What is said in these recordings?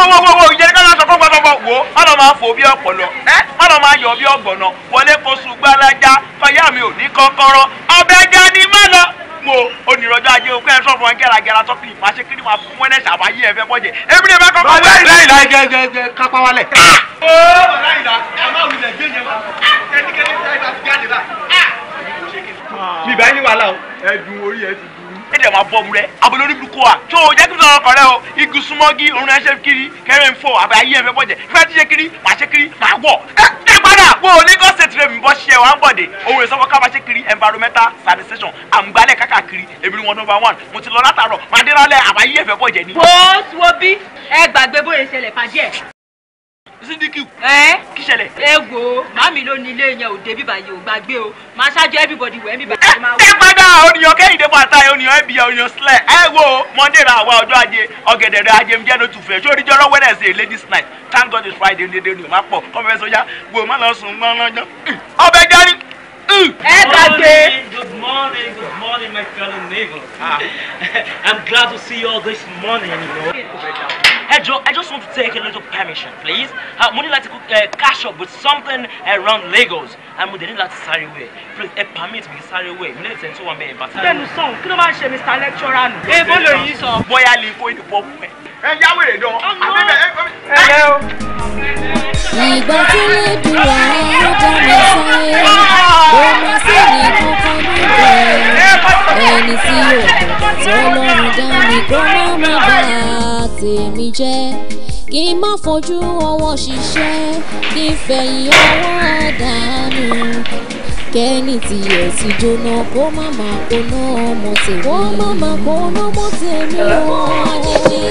wo wo wo wo ìjẹ́ni ká lọ́sọ̀ fún gbọ́dọ̀ wo ọlọ́ máa fò bí ọ̀pọ̀lọ ọlọ́ máa yọ bí ọ̀gbọ̀nà wọlé fosù gbalaja fàyà mi ò ní kọ́kọ́rọ́ ọbẹ̀jẹ̀ ni má lọ mo onírọ̀jọ́ ajé òkú ẹ̀ sọ̀rọ̀ ẹ̀ gẹ́ragẹ́ra tọ́kì máa ṣe kiri máa fún wọn ẹ̀ṣà bá yí ẹ̀fẹ́ bọ́jẹ̀ èmi lè má kọ́kọ́ wọlé. bọ́lá ìlà gẹ́gẹ́ kápá wálẹ̀. Ah! Ah! ó bọ́lá ìlà ẹ má wulẹ̀ gbé yẹn wá ah! kẹ́tíkẹ́tí ẹ̀dẹ̀ máa bọ́ mu rẹ abolórí burúkú wa tó o jẹ́ kí n sọ̀rọ̀ kọ̀rẹ́ o igi súnmọ́gi òun ẹ̀ṣẹ̀ kiri kẹrin fò àbẹ̀ ayé ẹ̀fẹ̀ bọ́jẹ̀ fẹ́ ti ṣe kiri màá ṣe kiri màá wọ̀ ẹ ẹ padà wo Lagos state rẹ̀ mi ṣe wà ń bọ̀dẹ̀ òun ìsọfọ́ máa ṣe kiri environmental sanitation àmúgbálẹ̀ kákàkiri èbìrì wọn number one mo ti lọ látàárọ̀ màá dé lálẹ́ àbáyé ẹ̀fẹ̀ bọ̀jẹ̀ ni. bó wo bí ẹ gbàgbé bóyá ìṣẹ̀lẹ̀ fàjẹ́ sídìkì. ẹ kí ṣẹlẹ̀. ẹ wo màmí ló ní ilé yẹn ò débi báyìí ò gbàgbé o máa ṣáájú everybody wẹ̀ mí báyìí. ẹ padà oníyan kẹ́hìndé pàtàkì oníyan ẹ̀bí oníyan sílẹ̀ ẹ wo monday ra àwa ọjọ́ ajé ọ̀gẹ̀dẹ̀ rẹ ajé jẹ́ lótú fẹ́ sórí jọ́rọ́ wednesday ladies night thank god it's friday dédé ni o máa pọ̀ kọ́mọ fẹ́ sọ́jà gbòó má lọ sùn mọ́ lọ́jọ́ ọbẹ̀ jẹ́rìí Good morning, good morning good morning my fellow neighbors ah. i'm glad to see you all this morning. You know? ẹ jọ̀ọ́ I just want to take a little permission please uh, mo ní láti uh, eh, catch up with something around Lagos and mo dẹ̀ ní láti sáré wẹ̀ please ẹ permit me sáré wẹ̀ mi lè tẹ̀ tó wà mẹ́rin bàtà. bẹ́ẹ̀ni sọ̀hún kí ló máa ń ṣe Mr. lecturer nù. èèbó eh, ló yí sọ. bóyá lè kó ìdìbò fún ẹ. ẹ yáwó èdè Hello. ẹ lẹ́ o. ìgbà tí lè dùn àwọn ọjà mi sáyé ló máa sì ní kankan níbẹ̀ ẹni tí yóò tó lọ́rùn dání kó má má bàa tèmi jẹ́ kí n má fojú ọwọ́ ṣiṣẹ́ kí n fẹ̀yìn ọwọ́ dànù kẹ́ni tí ẹ̀ ti jóná kó má má kóná ọmọ tèmi kó má má kóná ọmọ tèmi o. àjèjì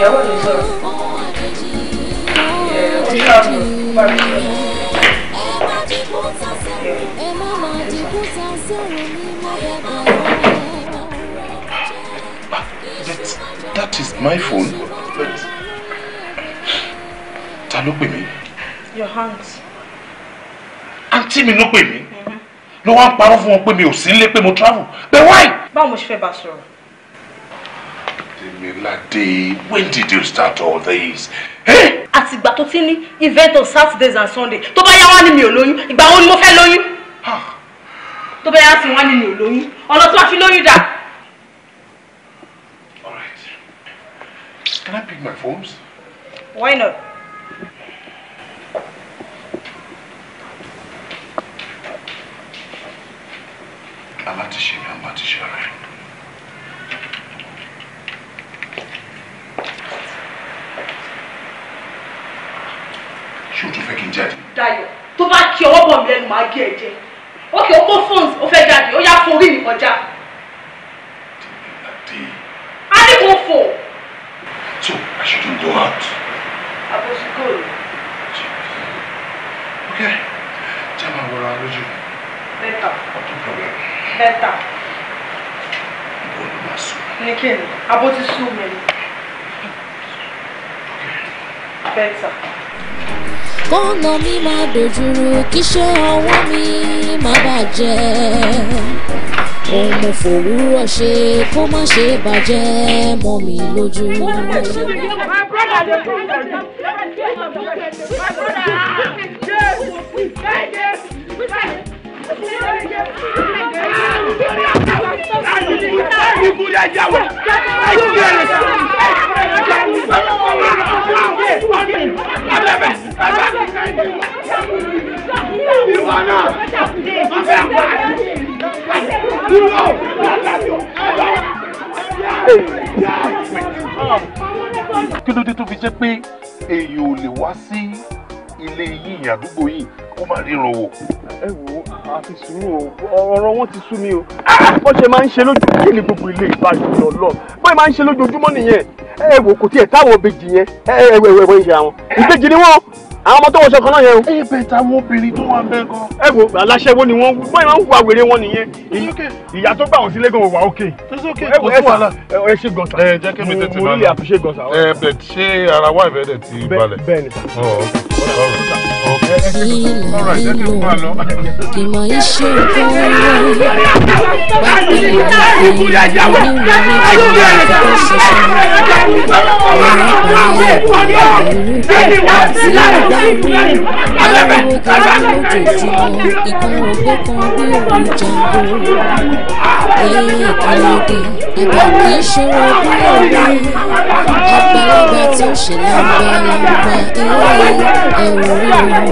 ìyàwó mi sọ̀rọ̀ ìyàwó is my phone. Ta ló pè mí? Your hands. Àǹtí mi ló pè mí. Mm-hmm. Ló wá ń parọ́ fún wọn mi ò sí nílé pé mo travel. But why? Báwo mo ṣe fẹ́ bá a sọ̀rọ̀? Demilade, when did you start all this? Àtìgbà tó ti ní event on Saturdays and Sundays tó bá yá wá ní mi ò lóyún, ìgbà wo ni mo fẹ́ lóyún? Tó bá yá sí wá ní mi ò lóyún, ọ̀nà tó wá fi lóyún dà. Can I pick my phones? Why not? I'm mi, alátiṣe rẹ̀. Ṣé o tún fẹ́ kí n jáde? Dayọ̀, tó bá kí ọwọ́ bọ̀ mí lẹ́nu máa gé ẹ jẹ. Ó kì ó kó fóònù, ó fẹ́ jáde, ó yá forí mi kọjá. Adé So I shouldn't go out. I was good. Okay. Tell me where I was you. Better. What the problem? Better. Nikin, abo ti sú mi. Better. Kọ́nà mi máa dojúrú, kí ṣe ọwọ́ mi máa bàjẹ́ ohun mo fòwúrọ̀ ṣe kó má ṣe bàjẹ́ mọ́ mi lójú. Ìwọ náà! Ọbẹ̀ àpá! kí ló dé tó fi jẹ́ pé èèyàn ò lè wá sí ilé yìnyín àdúgbò yìí kó má ríran wò. ẹ wo àti sùúrù o ọ̀rọ̀ wọn ti sú mi o. wọ́n ṣe máa ń ṣe lójú kí ni gbogbo ilé ìbáṣepọ̀ lọ báyìí máa ń ṣe lójoojúmọ́ nìyẹn ẹ wò kò tiẹ̀ táwọn ìbejì yẹn ẹ ẹ wẹ̀wẹ̀ ìyá wọn ìbejì ni wọ́n àwọn ọmọ tó wọṣọ kan náà yẹn o. ẹ bẹ ta àwọn obìnrin tó wà bẹ́ẹ̀ gan. ẹ wo aláṣẹ wo ni wọn wú báyìí wọn ń wá wèrè wọn nìyẹn ìyá tó gbà wọn sílé gan wà ókè. ẹ wo ẹ sà ẹ ṣe gọ̀ọ̀sà. ẹ jẹ́ kí mi tètè máa lọ mo nílé àfiṣe gọ̀ọ̀sà. ẹ bẹ̀ ṣé ara wà ìbẹ̀rẹ̀ ti balẹ̀. bẹ́ẹ̀ ni sà. Oh, ilẹ̀ mi lọ ìmọ̀ iṣẹ́ ìkọ́wé pàtàkì ìrìnàjò ìrìnàjò ìfọwọ́sọsọ ìrìnàjò ìrìnàjò ìlàgbà mi aláwo kàwé lókè tí mo ikán ogbó ìgbà kì ẹ̀rọ ríro.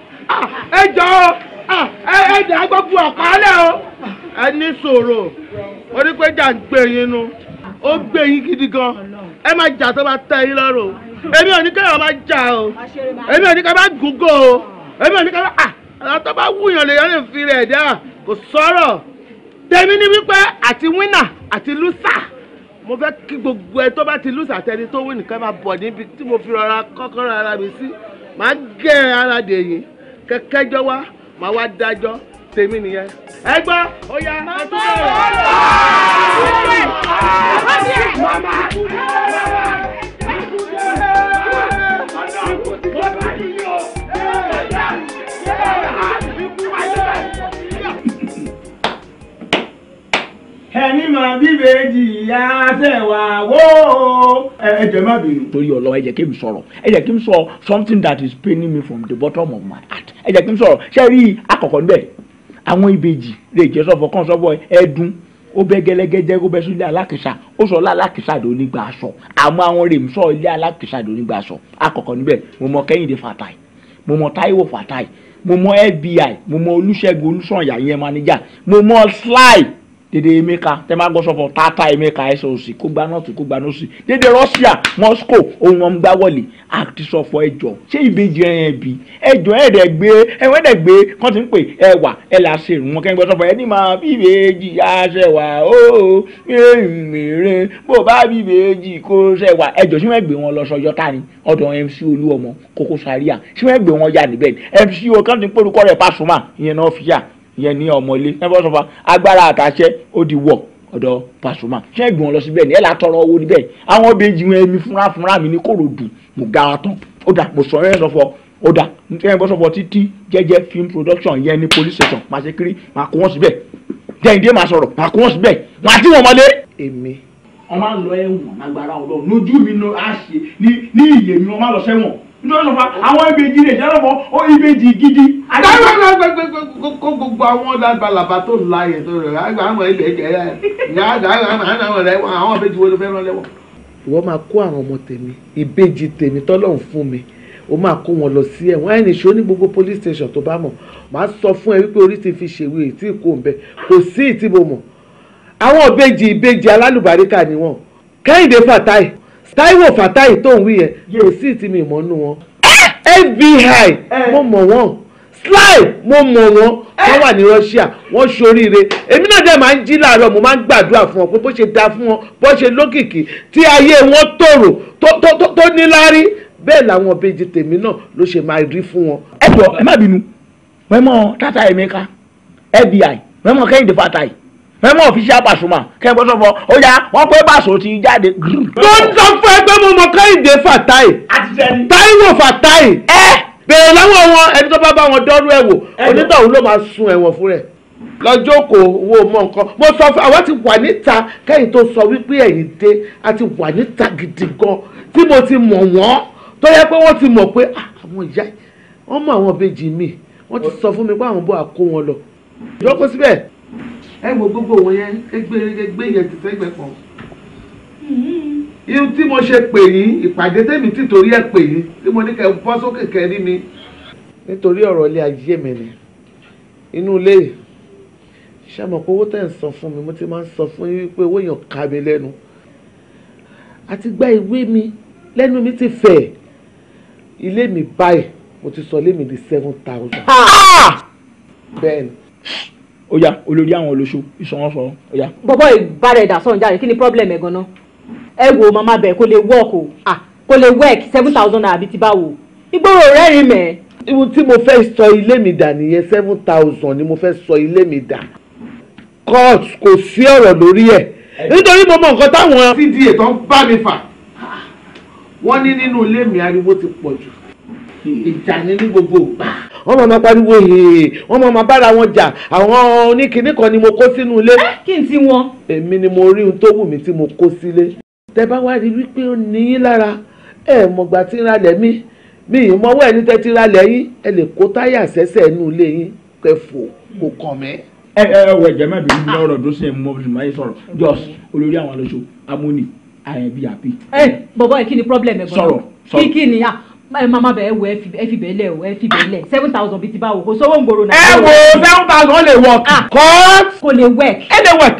ẹ jọ ọ ẹ dà gbogbo àpáálẹ̀ o ẹ ní sọ̀rọ̀ orí pé jà ń gbé yín nu ó gbé yín gidi gan ẹ má jà tó bá tẹ́ yín lọ́rùn èmi ò ní kéèyàn má jà o èmi ò ní ká má gúgó o èmi ò ní ká má à àwọn tó bá wúyàn lè yàn lè fi rẹ̀ dá kò sọ̀rọ̀ tèmi ni wípé àti wínà àti lùsà mo fẹ́ kí gbogbo ẹ tó bá ti lùsà tẹni tó wí nìkan máa bọ̀ níbi tí mo fi rọra kọ́kọ́rọ́ ara mi sí màá gé ara dè kẹ́kẹ́jọ́ wá màá wá dájọ́ tèmi nìyẹn ẹ gbọ́ ó yá ẹ tún bẹ̀rẹ̀. ẹni máa bíbè jìyà tẹwà wó. ẹ jẹ́ má bínú. torí ọlọ́wọ́ ẹ jẹ́ kí n sọ̀rọ̀ ẹ jẹ́ kí n sọ something that is paining me from the bottom of my heart ẹ jẹ́ kí n sọ̀rọ̀ ṣé rí àkọ́kọ́ níbẹ̀ àwọn ìbejì lè jẹ́ sọ́fọ̀ kàn sọ́fọ̀ ẹ̀ẹ́dún ó bẹ gẹlẹgẹ jẹ kó bẹ sí ilé alákìsà ó sọ ilé alákìsà ló ní gba aṣọ àmọ́ àwọn rèé sọ ilé alákìsà ló ní gba aṣọ àkọ́kọ́ níbẹ̀ mo mọ Kẹ́hìndé Fatai mo mọ Táíwò Fatai mo mọ FBI mo mọ Olúṣẹ́gun Olúṣọ̀yà yẹn manager mo mọ slide dèdè emeka tẹ máa gbọ́sọ̀ fọ tata emeka ẹsẹ̀ òsì kó gba nọ́ọ̀sì kó gba nọ́ọ̀sì dèdè russia moscow ohun wọn gbá wọlé àti sọfọ ẹjọ ṣé ìbejì ẹyẹn bi ẹjọ ẹdẹ gbé ẹwọn ẹdẹ gbé kàn ti ń pè ẹwà ẹ là ṣe ìrùn wọn kẹ́ńgbẹ́ sọfọ ẹni máa bí ìbejì aṣẹwà ó mèrè bó bá bí ìbejì kó ṣẹwà ẹjọ ṣé wọn gbé wọn lọ sọjọ ta ni ọ̀dọ̀ mc olúọmọ kókó sáríà ṣé wọn gbé wọn yà níbẹ̀ mc o kàn ti ń pòrúkọ rẹ̀ pàṣùmà ìyẹn náà fi yà ìyẹn ní ọmọlé ẹ bọ́ sọ fún wa agbára àtàṣẹ ó di wọ̀ ọ̀dọ̀ Pasuma ṣé ẹ̀gbọ́n wọn lọ síbẹ̀ ni ẹ̀ là tọrọ owó níbẹ̀ àwọn obìnrin wọn ẹ̀mí fúnra fúnra mi ní kòròdú mo gara tán ó dà mo sọ ẹ̀ sọ fún ọ ó dà ẹ̀ bọ́ sọ fún títí jẹ́jẹ́ film production yẹn ní police station màá ṣe kiri màá kó wọn síbẹ̀ jẹ́ǹdé màá sọ̀rọ̀ màá kó wọn síbẹ̀ màá tí wọn mọ́lé. èmi wọn máa ń lọ ẹ̀wọ̀n lágbára Ọlọ́run lójú mi ní àṣẹ ní ìyè mi wọn máa lọ lọ́nà àwọn ìbejì lè jẹ́rọ̀ mọ́ ó ìbejì gidi. kó gbogbo àwọn labalaba tó la yẹ tó rẹ̀ àgbà àwọn ilẹ̀ ẹ̀jẹ̀ rẹ̀ àwọn rẹ̀ àwọn ìbejì wo ló fẹ́ rán lẹ́wọ̀n. ìwọ máa kó àwọn ọmọ tèmi ìbejì tèmi tọ́lọ́run fún mi o máa kó wọn lọ sí ẹ̀wọ̀n ẹni ṣó ní gbogbo police station tó bá mọ̀ máa sọ fún ẹ wípé orí ti fi ṣèwé ètí ìkó ń bẹ kò sí ìtì mo mọ̀ àwọn ìbejì ìbejì alálùbáríkà ni wọn Kẹ́hìndé Fàtáì Táíwò Fatai tó ń wí yẹn kò sí ti mi mọ́ nú wọn FBI eh. mo mọ̀ wọ́n Sly mo mọ̀ wọ́n eh. wọ́n wà ní Russia wọ́n ṣoríire èmi náà dẹ̀ máa ń jí láàárọ̀ mo máa ń gbàdúrà fún wọn pé bó ṣe da fún wọn bó ṣe lókìkí tí ayé wọn tòrò tó níláárí bẹ́ẹ̀ làwọn ìbejì tèmi náà ló ṣe máa rí fún wọn. ẹ jọ ẹ má bínú mẹ́mọ́ tata Emeka FBI mẹ́mọ́ Kẹ́hìndé Fatai mẹ́mọ́ ọ̀fíṣà Pasuma kẹ́ńgbọ́n sọ fọ ó yá wọ́n pé Paso ti jáde. ló ń sọ fún ẹgbẹ́ mo mọ Kẹ́hìndé Fatai Táíwò Fatai bẹ̀rẹ̀ lọ́wọ́ wọn ẹni tó bá bá wọn dọ́rú ẹ̀ wò onítọ̀hún ló máa sun ẹ̀wọ̀n fún rẹ̀ lọ́jọ́ kò wo mọ nǹkan mo sọ fún àwọn ti wà níta kẹ́yìn tó sọ wípé ẹ̀yìn dé a ti wà níta gidi gan tí mo ti mọ̀ wọ́n tó yẹ pé wọ́n ti mọ̀ pé ah, àwọn ìyá wọ́n mọ àwọn ìbejì mi wọ́n ti sọ fún mi pé àwọn bó a kó wọn lọ ìjókòó síbẹ̀ ẹ wo gbogbo wọn yẹn ẹgbẹ́ ẹgbẹ́ yẹn ti fẹ́ gbẹ̀pọ̀. ihun tí mo ṣe pè yín ìpàdé tèmi tí torí ẹ pè yín tí mo ní kẹ bọ́ sókè kẹ rí mi. nítorí ọ̀rọ̀ ilé ayé mi ni inú ilé ṣàmọ̀ pé owó tẹ̀ ń sọ fún mi mo ti máa ń sọ fún yín wípé owó yàn ká mi lẹ́nu àti gba ìwé mi lẹ́nu mi ti fẹ̀ ilé mi báyìí mo ti sọ ilé mi di seven thousand. bẹ́ẹ̀ni ó yá olórí àwọn olóṣù ìsọwọ́sọ ó yá. bọ́bọ́ ìbára ẹ̀dà sọ̀rọ̀ jáde kí ni problem ẹ̀ gan-an ẹ wo màmá bẹ̀ kó lè work o ah kó lè work seven thousand naira àbí ti báwo ìgboro rẹ́rìn mẹ́. ihun tí mo fẹ́ sọ ilé mi dà nìyẹn seven thousand ni mo fẹ́ sọ ilé mi dà court kò sí ọ̀rọ̀ lórí ẹ̀ nítorí mo mọ nǹkan táwọn. cda tó ń bá mi fà wọ́n ní nínú ilé mi ariwo ti pọ̀ jù ìjà ni ní gbogbo ìgbà. wọ́n máa ma pariwo èè wọ́n máa ma bára wọn jà àwọn oníkìíní kan ni mo kó sínú ilé. kí n ti wọn. èmi ni mo rí ohun tó wù mí tí mo kó sílé. tẹ wá rí wípé ó ní yín lára ẹ mọ̀gbà tí ń ralẹ̀ mí mi ì mọ́wọ́ ẹni tẹ́ ti ralẹ̀ yín ẹ lè kó táyà sẹ́sẹ̀ inú ilé yín kẹ́ fò kó kàn mí. ẹ ẹ wọ ẹjẹ mẹbi ní ọ̀rọ̀ dọsẹ mọ máa yẹ sọ̀rọ̀ olórí àwọn aláṣọ amóni àyẹbí àbí. ẹ bọ̀bọ̀ yìí kí ni problem ẹ bọ̀ sọ̀rọ̀ sọ̀rọ̀ kí kí ni a mama bẹ ẹ wo ẹ fi ẹ fi bẹ lẹ o ẹ fi bẹ lẹ seven thousand bíi ti báwo kò sówó ń gbòòrò náà. ẹ wo seven thousand lè work. kọ́ kò lè work. ẹ lè work.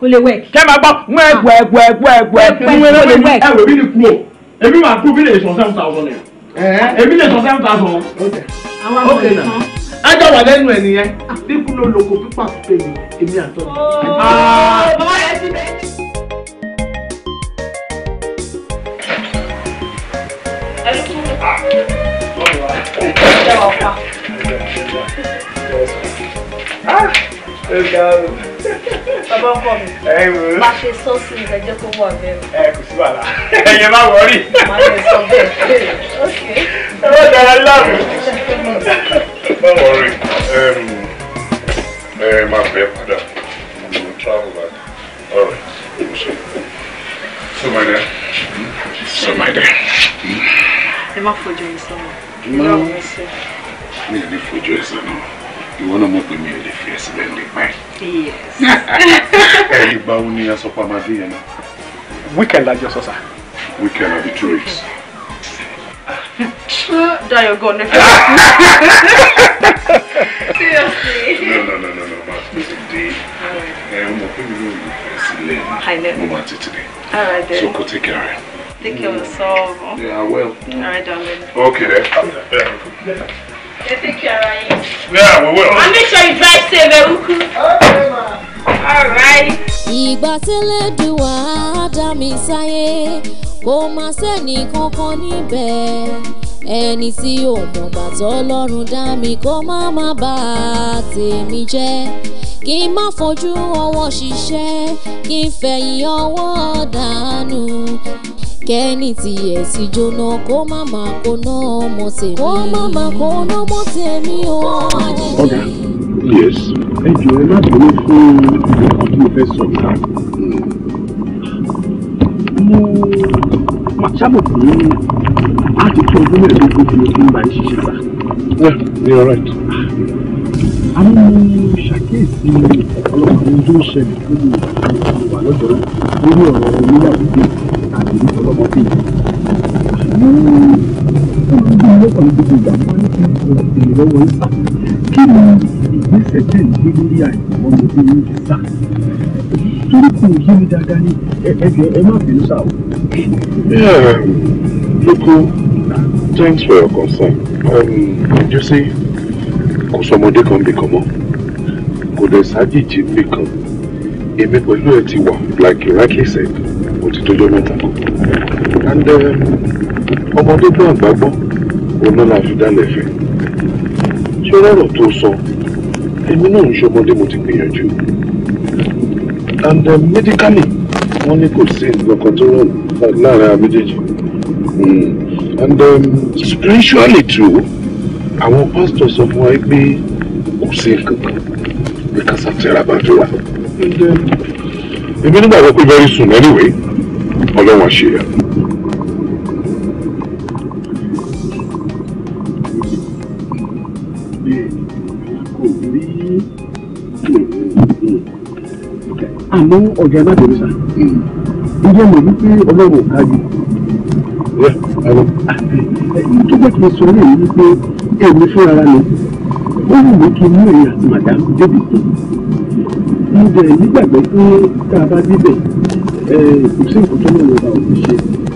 kò lè work. kẹ́ máa gbọ́ ń ẹ gbọ́ ẹ gbọ́ ẹ gbọ́ ẹ gbọ́ ẹ gbọ́ ẹ gbọ́ ẹ gbọ́ ẹ wò mí ni kú o èmi máa kú mi lè sọ seven thousand naira èmi lè sọ seven thousand. ok na ẹ jọ wà lẹ́nu ẹ̀ nìyẹn dípò ló lóko pípà pèmí èmi àtọ́. bàbá rẹ̀ ti bẹ́ẹ̀ Bàbá ọkọ mi, máa ṣe sọ́ọ̀sì ìdájọ́ tó wà bẹ́ẹ̀. Ẹ kò sí wàhálà, ẹyẹ máa wọrí. Máa ṣe sọ bẹ́ẹ̀. Ẹ wọ́n dára láàmú. Má wọrí, ẹ máa bẹ̀ padà, mo travel back. All right, so my dear, so my dear. Mm ẹ má fojú ẹ sọnà ìlú àwọn ẹsẹ. mi ò ní fojú ẹ sọnà ìwọ náà mọ̀ pé mi ò lè fi ẹsẹ̀ bẹ́ẹ̀ nípa ẹ̀. ẹ ìgbà wo ni asọ́pọ̀ amadé yẹn náà. weekend lájọ sọ́sà. weekend àbí two weeks. Dayo gone. Seriously. No, no, no, no, no. But today, I'm hoping you know you first learn. I know. Mama today. All right then. So go take care. Take care of yourself. Yeah, I will. All right, darling. Okay, then. Yeah. take care right? Yeah, we will. I'll make sure you drive safe, Eruku. Eh, okay, ma. All right. Ìgbà tẹ́lẹ̀ dùn wá dá mi sáyé, kò má sẹ́ni kankan níbẹ̀. Ẹni tí ò mọ̀gbà tọ́lọ́run dá mi kó má má bà tèmi jẹ́ kí n má fojú ọwọ́ ṣiṣẹ́ kí n fẹ̀yìn ọwọ́ dànù kẹ́ni tiẹ̀ sì jóná kó má máa kóná ọmọ tèmi. kó má máa kóná ọmọ tèmi o. ọ̀gá yes ẹ jọ ẹ má bẹ̀rẹ̀ fún ìgbà tí mo fẹ́ sọ ká. mo máa sábà pé a ti tó ọdún mẹ́ẹ̀ẹ́dógún tí mo fi ń bá yín ṣiṣẹ́ gbà. well you're right. àwọn ṣàkíyèsí ọ̀pọ̀lọpọ̀ àwọn ojú ń ṣẹlẹ̀ lórí ìgbà lọ́dọ̀ lórí ọ̀rọ̀ onílà dídé àti ìtọ́lọ́mọ sí i. ní olùdó lọ́kàn ní gbogbo ìgbà wọn ní kí ìrìn lọ́wọ́ ń sà kí ni ìgbésẹ̀ tẹ̀ ń gbé lórí àìsàn ọmọ tí ń sà torí kò yé mi dáadáa ní ẹgbẹ́ ẹ má bínú sá o. lóko thanks for your concern. ǹjẹ́ sí kò sọmọdé kan bìkan mọ́ kò dẹ̀ sájìjì bìkan èmi pẹ̀lú ẹ ti wà like like he said ó ti tójọ́ mẹ́ta and uh, ọmọdé gbọ́ àgbà gbọ́ ọ̀nà la fi dálẹ̀ fẹ́ ṣé rọ̀rọ̀ tó sọ èmi náà ń ṣọmọdé mo ti gbìyànjú and uh, medically wọ́n ní kò sí nǹkan kan tó rọ̀ lára méjèèjì hmm. and um, spiritually too àwọn pásítọ̀ sọ fún wa pé kò sí nǹkan kan bí kásá tẹ́ra èmi nígbàgbọ́ pé very soon anyway ọlọ́wọ́n ṣe yà. àmọ́ ọ̀gá ẹ̀ má bẹ̀rù sá ǹjẹ́ mọ̀ wípé ọlọ́run ká jù. Ah, tó jẹ́ kí n sọ lẹ́yìn wípé èmi fúnra mi ó wù mí kí n mú èyí àti màdàmú débi kan mo bẹ̀rẹ̀ nígbàgbọ́ pé tá a bá débẹ̀ kò sí nǹkan tó lóun ọba òfin ṣe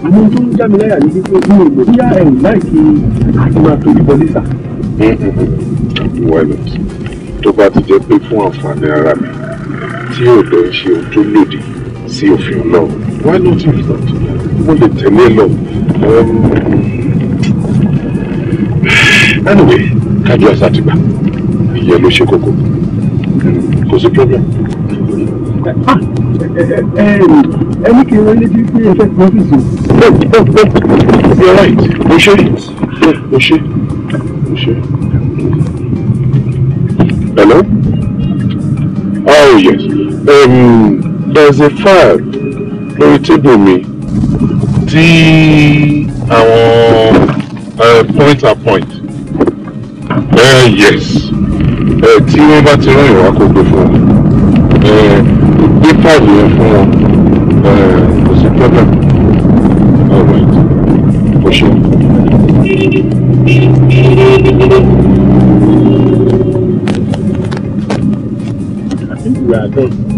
àmọ́ tó ń já mi láyà ní wípé mi ò mọ̀ bóyá ẹ̀rù láìkí àti máa torí bọ níta. wẹ́lẹ̀ tó bá ti jẹ́ pé fún àǹfààní ara mi tí ọ̀dọ́ ń ṣe ohun tó lòdì sí òfin ọlọ́run why not if not mo lè tẹ̀lé lọ. Um, anyway kájú àṣà ti gbà ìyẹn ló ṣe kókó kò sí problem. Ah, ẹni kì í wọlé bí pé ẹ fẹ́ kí wọ́n fi sùn. you're right o ṣe o ṣe o ṣe. hello oh yes um, there's a file lórí tébù mi tí àwọn uh, point and point. Uh, yes ẹ tí wọ́n bá ti rán ìwà kó gbé fún wọn ẹ gbé páàdì yẹn fún wọn ẹ kò sí pẹ́pẹ́ ọ̀rọ̀ ìtàn ó ṣe. I think we are done.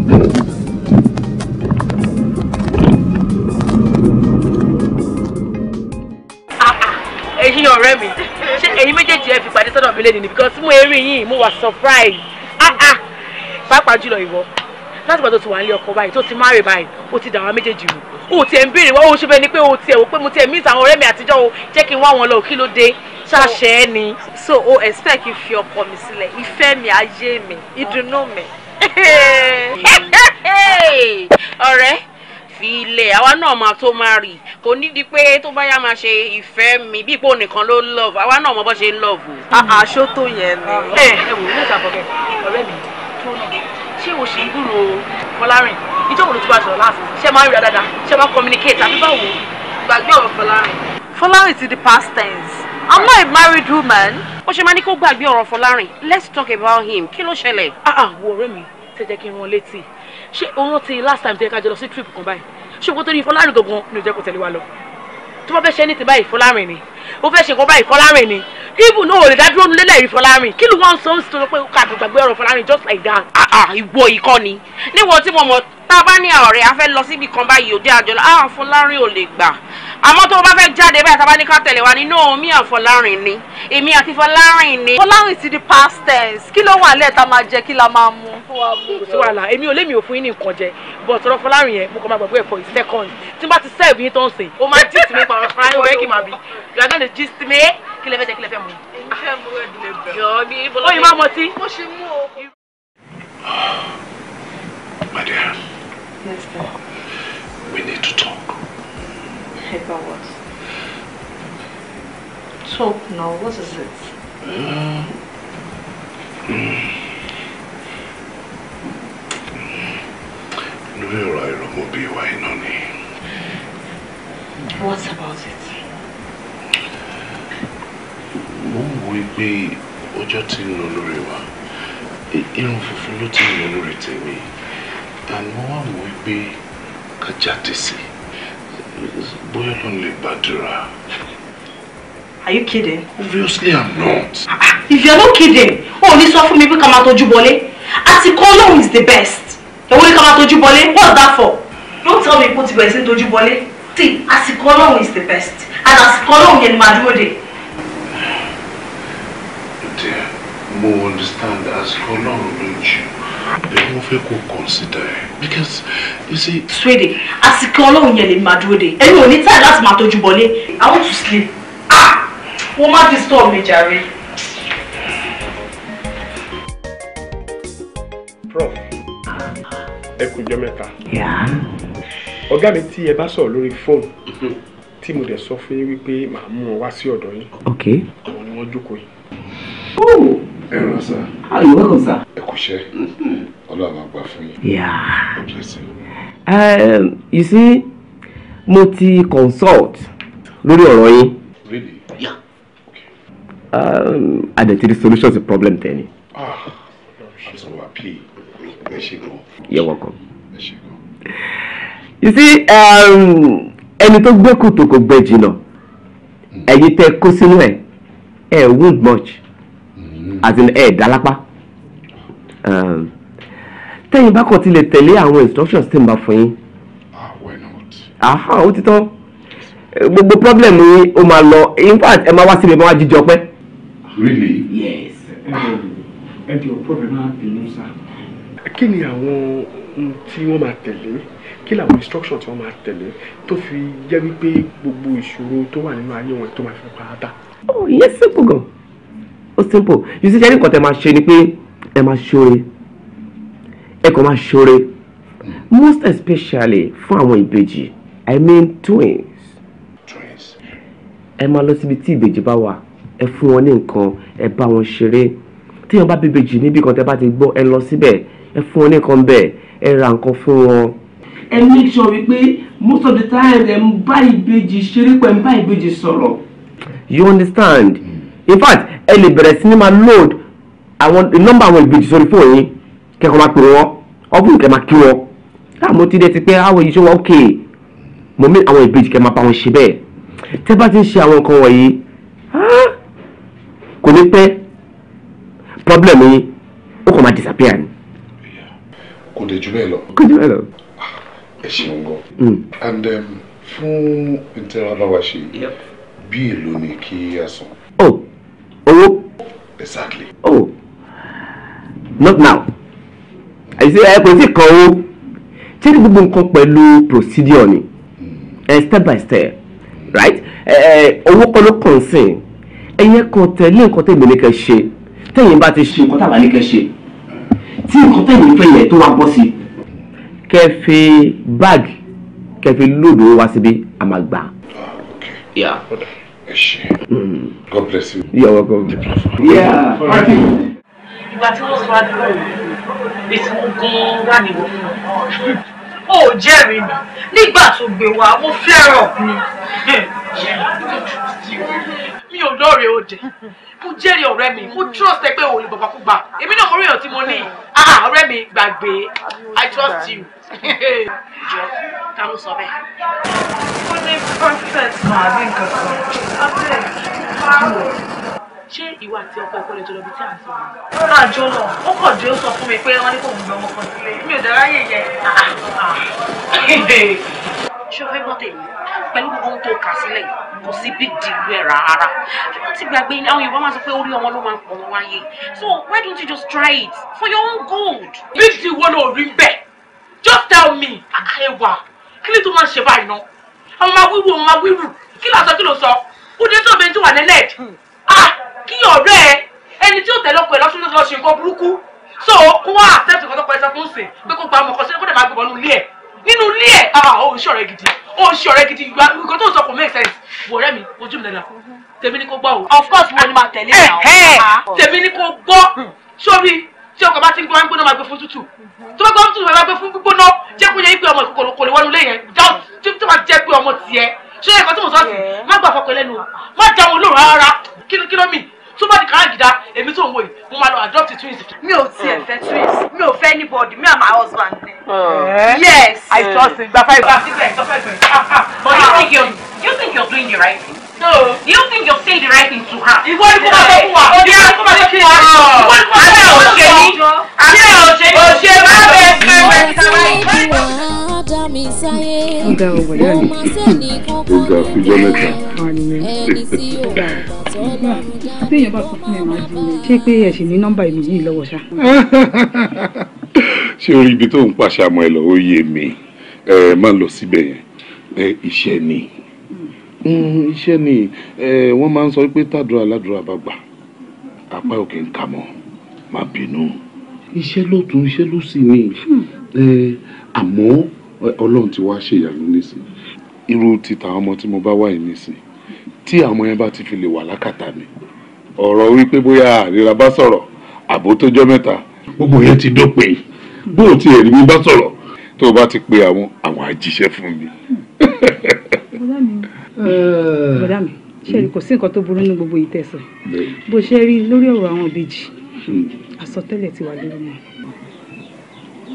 mi ni because mo eré yín mo wà surprise ah ah pàápàá jùlọ ìwọ láti gbàdọ̀ tó wà nílé ọkọ báyìí tó ti máa rè báyìí ó ti dà wá méjèèjì rò ó tiẹ̀ ń béèrè wá ó ṣe bẹ́ẹ̀ ni pé ó tiẹ̀ wò pé mo tiẹ̀ miss àwọn ọ̀rẹ́ mi àtijọ́ o jẹ́ kí n wá wọn lọ kí ló dé ṣàṣẹ ẹ ni. so o expect kí n fi ọkọ mi sílẹ̀ ìfẹ́ mi ayé mi ìdùnnú mi. ọ̀rẹ́ fi ilẹ̀ àwa náà máa tó máa rì kò nídìí pé tó bá yá máa ṣe ìfẹ́ mi bí ipò nìkan ló love àwa náà mọ bó ṣe ń love o. Ah, ah, aṣọ tó yẹn ni. Ah, ẹ ẹ wò ó lè ṣàfọkẹ ọ̀rẹ́ mi tó náà ṣé o ṣì ń gbúrò Fọlárìn ìjọ wo ló láàfin ṣé máa ń rí dáadáa ṣé máa communicate àbí báwo gbàgbé ọ̀rọ̀ Fọlárìn. Fọlárìn ti di past tense I'm not a married woman. ó ṣe máa ní kó gbàgbé ọ̀rọ̀ Fọlárìn let's talk about him kí ló ṣẹlẹ̀. wo ọ̀rẹ́ mi ṣe jẹ́ kí n rán létí ṣé o rántí last time tẹ ká jọ lọ sí trip kan báyìí ṣé o kò tó ní Fọlárin gangan ni o jẹ́ kó tẹ̀lé wa lọ tó bá fẹ́ ṣe ní ti báyìí Fọlárin ni o fẹ́ ṣe nǹkan báyìí Fọlárin ni Even náà ò lè dádúró nu lélẹ̀ rí Fọlárin kí ló wọ́n sọ ń sọ pé ká gbàgbé ọ̀rọ̀ Fọlárin just like that. Ah, ah ìwọ ìkọ́ ni níwọ̀n tí mo mọ̀ tá a bá ní ọ̀rẹ́ a fẹ́ lọ síbi kan báyìí òde àjọ lọ àwọn ah, Fọlárin ò lè gbà àmọ́ tó o bá fẹ́ jáde báyìí tá a bá ní ká tẹ̀lé wa ni no mi à ni èmi àti Fọlárìn ni. Fọlárìn ti di past tense kí ló wà lẹ́ẹ̀ tá a máa jẹ kí la máa mú. kò sí wàhálà èmi ò lémi ò yín ní nǹkan jẹ bọ̀ sọ̀rọ̀ Fọlárìn yẹn mo kàn máa gbàgbé ẹ̀ for second tí n bá ti serve yín tó ń sìn o máa gist mi pàrọ̀ fúnra yín wẹ́ẹ́ kì máa bí you are gonna gist me kí lẹ fẹ́ jẹ kí lẹ fẹ́ mu. yọ̀ọ́ bí mú o. my dear. yes sir. we need to head about what? Talk now, what is it? Uh, What's about it? Mo ń wo pé ọjọ́ tí ń lọ lórí wa, irun funfun ló ti ń lọ lórí and mo wá wo pé bóyá ló ń Are you kidding? Obviously I'm not. Ah, ah, if you're not kidding, o ò ní sọ come out pé ká máa tọ́jú bọlé. is the best. Èwo ni ká máa tọ́jú bọlé? What's that for? Don't tell me kó ti bẹ̀rẹ̀ sí tọ́jú bọlé. See, àsìkò Ọlọ́run is the best. And àsìkò Ọlọ́run yẹn ni Dear, more understand àsìkò Ọlọ́run ló jù mo fẹ́ kó consider because you see. Swede àsìkò ọlọ́run yẹn lè máa dúró de èmi time láti máa tọ́jú I want to sleep ah woman, disturb me, Jerry. prof ẹ kú jọ mẹ́ta ọ̀gá mi tí ẹ bá sọ̀rọ̀ lórí fóònù mhm. tí mo dẹ̀ sọ fún yín wípé màá mú wọn wá sí ọ̀dọ̀ yín àwọn ni wọ́n jókòó yìí. Ah, ẹ rọ sá. ayọ̀ wẹ́kọ̀ sá. ẹ kò ṣe ọlọ́run àgbà fún yín. God um, you. see mo ti consult lórí ọ̀rọ̀ yín. really? yeah. um, a dẹ̀ ti di solution to problem tẹ̀ ah i'm so happy. welcome. ẹ ṣe gan. you see um, ẹni tó gbé kòtò kò gbẹ jìnnà hmm. ẹ̀yin tẹ́ kó sínú ẹ̀ ẹ̀ wound much àti ẹ̀ẹ́dá lápá um, tẹ́yìn bá kàn tilẹ̀ tẹ̀lé àwọn instructions tí n bá fún yín. Ah, aha ó ti tán gbogbo problem yín ó máa lọ in fact ẹ máa wá síbi ẹ máa wá jíjọ pẹ́. really. yes ẹ jọ problem náà bínú sá. kí ni àwọn tí wọ́n máa tẹ̀lé kí làwọn instruction tí wọ́n máa tẹ̀lé tó fi jẹ́ wípé gbogbo ìṣòro tó wà nínú ayé wọn tó máa fi pa á dá. ó yẹ simple gan ó simple you see ṣẹ́ni nǹkan tẹ́ máa ṣe ni pé ẹ máa ṣore ẹ kàn máa ṣore most especially fún àwọn ìbejì i mean twins twins ẹ máa lọ síbi tí ìbejì bá wà ẹ fún wọn ní nǹkan ẹ bá wọn ṣeré téèyàn bá bíbejì níbi kan tẹ́ bá ti gbọ́ ẹ lọ síbẹ̀ ẹ fún wọn ní nǹkan bẹ́ẹ̀ ẹ ra nǹkan fún wọn. ẹ make sure wípé most of the time ẹ ń bá ìbejì ṣeré pẹ̀ ń bá ìbejì sọ̀rọ̀. you understand. Mm -hmm in fact ẹ lè bẹ̀rẹ̀ sí ni máa load àwọn nọ́mbà àwọn ìbejì sórí fóònù yín kẹ́kọ̀ọ́ máa pè wọ́n ọ́fíìsì kẹ́ máa kí wọ́n láàmú ti dẹ́ ti pé àwọn èyí ṣe wọ́n okay mo mí àwọn ìbejì kẹ́ máa pa wọn ṣe bẹ́ẹ̀ tẹ́ bá ti ń ṣe àwọn nǹkan wọ̀nyí ah, kò ní pẹ́ problem yín ó kàn máa disappear ni. kò dé jù bẹ́ẹ̀ lọ. kò jù bẹ́ẹ̀ lọ. ẹ ṣeun gan. Mm. and um, fún ìtẹ́ra bá wa ṣe bí èlò ni kí a san. oh owó. exactly. oh not now àìsí ẹ kò sí kan owó ṣé ní gbogbo nǹkan pẹ̀lú procedure ni hmm. eh, step by step right eh, eh, owó kan ló kàn sí ẹ̀yẹ kan tẹ̀lé nǹkan tẹ̀mí ní kẹ́ ṣe tẹ̀yìn bá ti ṣe nǹkan tàbá ní kẹ́ ṣe tí nǹkan tẹ̀yìn fẹ́ yẹn tó wá bọ́ sí kẹ́ fi báàgì kẹ́ fi lóòdù wá síbi àmàgbà. Ah, yeah. Okay ẹ god bless you. you're welcome. yeah. ìgbà tí wọ́n sọ àdúrà yìí ètò ogun wà níwọ̀ fún ọ ò jẹ́rìí mi nígbà tó gbé wa mo fẹ́ràn mi mi ò mo jẹ́rìí ọ̀rẹ́ mi mo trust ẹ pé òun bàbá kú gbà èmi náà mo rí èèyàn tí mo ní ah ọ̀rẹ́ mi gbàgbé i trust you. jọ ta ló sọ bẹ́ẹ̀ ní conference kan àbí nǹkan kan. ṣé ìwà àti ọkọ ẹ̀kọ́ lè jọ lọ bí tí à ń sọ wọn. lọ́la àjọ lọ ó kọ̀ dé ó sọ fún mi pé wọ́n ní kò ń gbé ọmọ kan sílé mi ò dára yè yẹ. ṣé o fẹ́ gbọ́ tèmi pẹ̀lú gbogbo ohun tó kà sílẹ̀ kò sí big deal rẹ̀ rárá wọ́n ti gbàgbé àwọn Yorùbá máa sọ pé orí ọmọ ló máa ń pọ̀ wọn wáyé so why don't you just try it for your own good. big deal wo ló rí bẹ́ẹ̀ just tell me àkàyẹ̀wà kí ni tó máa ń ṣe báyìí náà ọmọ wíwù ọmọ wíwù kí ló sọ kí ló sọ kúndé tó bẹ tí wà ní ah kí ọ̀rẹ́ ẹ ẹni tí ó tẹ̀lé ọkọ ẹ lọ́sùn lọ́sùn ṣe nǹkan burúkú so kó wá accept nǹkan tó pẹ́ sọ fún sè pé kó gba ọmọ kan sí kó dẹ̀ máa gbẹ̀bọ̀ nínú ẹ̀ nínú ilé ẹ̀ ah ó ń ṣọ̀rẹ́ gidi ó ń ṣọ̀rẹ́ gidi nǹkan tó ń sọ kò make sense wò ọ̀rẹ́ mi ojú mi dada tèmi ni kó gbọ́ o. of course mo ni máa tẹ̀lé ẹ̀ tèmi ni kó gbọ́ hmm. sórí tí ọkọ̀ bá ti ń gbọ́n gbóná máa gbé fún tútù tó bá gbọ́n tútù máa gbé fún gbígbóná jẹ́ kó yẹ pé ọmọ kò lè wọnú ilé yẹn tí tó máa jẹ́ pé ọmọ tiẹ̀ ṣé ẹ̀kọ́ tí mo sọ sí má gbà fọkàn lẹ́nu má já wọn lóru rárá kílómì tó bá di kàrá gidá èmi tó ń wò yìí mo máa lọ adopt twins. mi ò tiẹ̀ fẹ́ twins mi ò fẹ́ anybody me and my husband. Oh. yes. àìsàn ọ̀sìn gba five. gba six gba five. Ah, ah. but you think you're you think you're doing the right thing. So you think you're saying the right thing to her? Ìwọ ni kò máa sọ fún wa. Ìwọ ni kò máa sọ fún wa. Ìwọ ni kò máa sọ fún wa. Àbẹ̀ òṣè ni. Àbẹ̀ òṣè ni. Òṣè má bẹ̀ pẹ́ pẹ́ sáwáyé. Ó ga ọ̀wọ̀ yá ni. Ó ga fújọ́ mẹ́ta. Béèyàn bá sọ fún ẹ̀ máa ju ẹ̀. Ṣé pé ẹ ṣì ní nọ́mbà èmi yìí lọ́wọ́ ṣá? Ṣé orí ibi tó ń pàṣẹ àmọ́ ẹ lọ, ó yé mi. Ẹ má lọ síbẹ̀ yẹn. Iṣẹ́ ni. Mm, iṣẹ́ ni eh, wọ́n máa ń sọ pé tàdúrà ládùúrà bá gbà apá òkè ń kà mọ́ má bínú iṣẹ́ ló tún iṣẹ́ ló sì ní eh, àmọ́ ọlọ́run ti wá ṣèyàlú nísìn irú títà ọmọ tí mo bá wà yìí nísìn tí àwọn yẹn bá ti fi lè wà lákàtà mi ọ̀rọ̀ wípé bóyá àríra bá sọ̀rọ̀ àbó tó jọ́ mẹ́ta gbogbo yẹn ti dópin bó o ti ẹ̀rí mi bá sọ̀rọ̀ tó o bá ti pe àwọn àwọn àjíṣẹ́ fún mi. Eh. bọ̀dá mi ṣe rí kò sí nǹkan tó burú nínú gbogbo ìtẹ̀sán bó ṣe rí lórí ọ̀rọ̀ àwọn ìbejì hmm. àsọtẹ́lẹ̀ ti wà lórí wọn.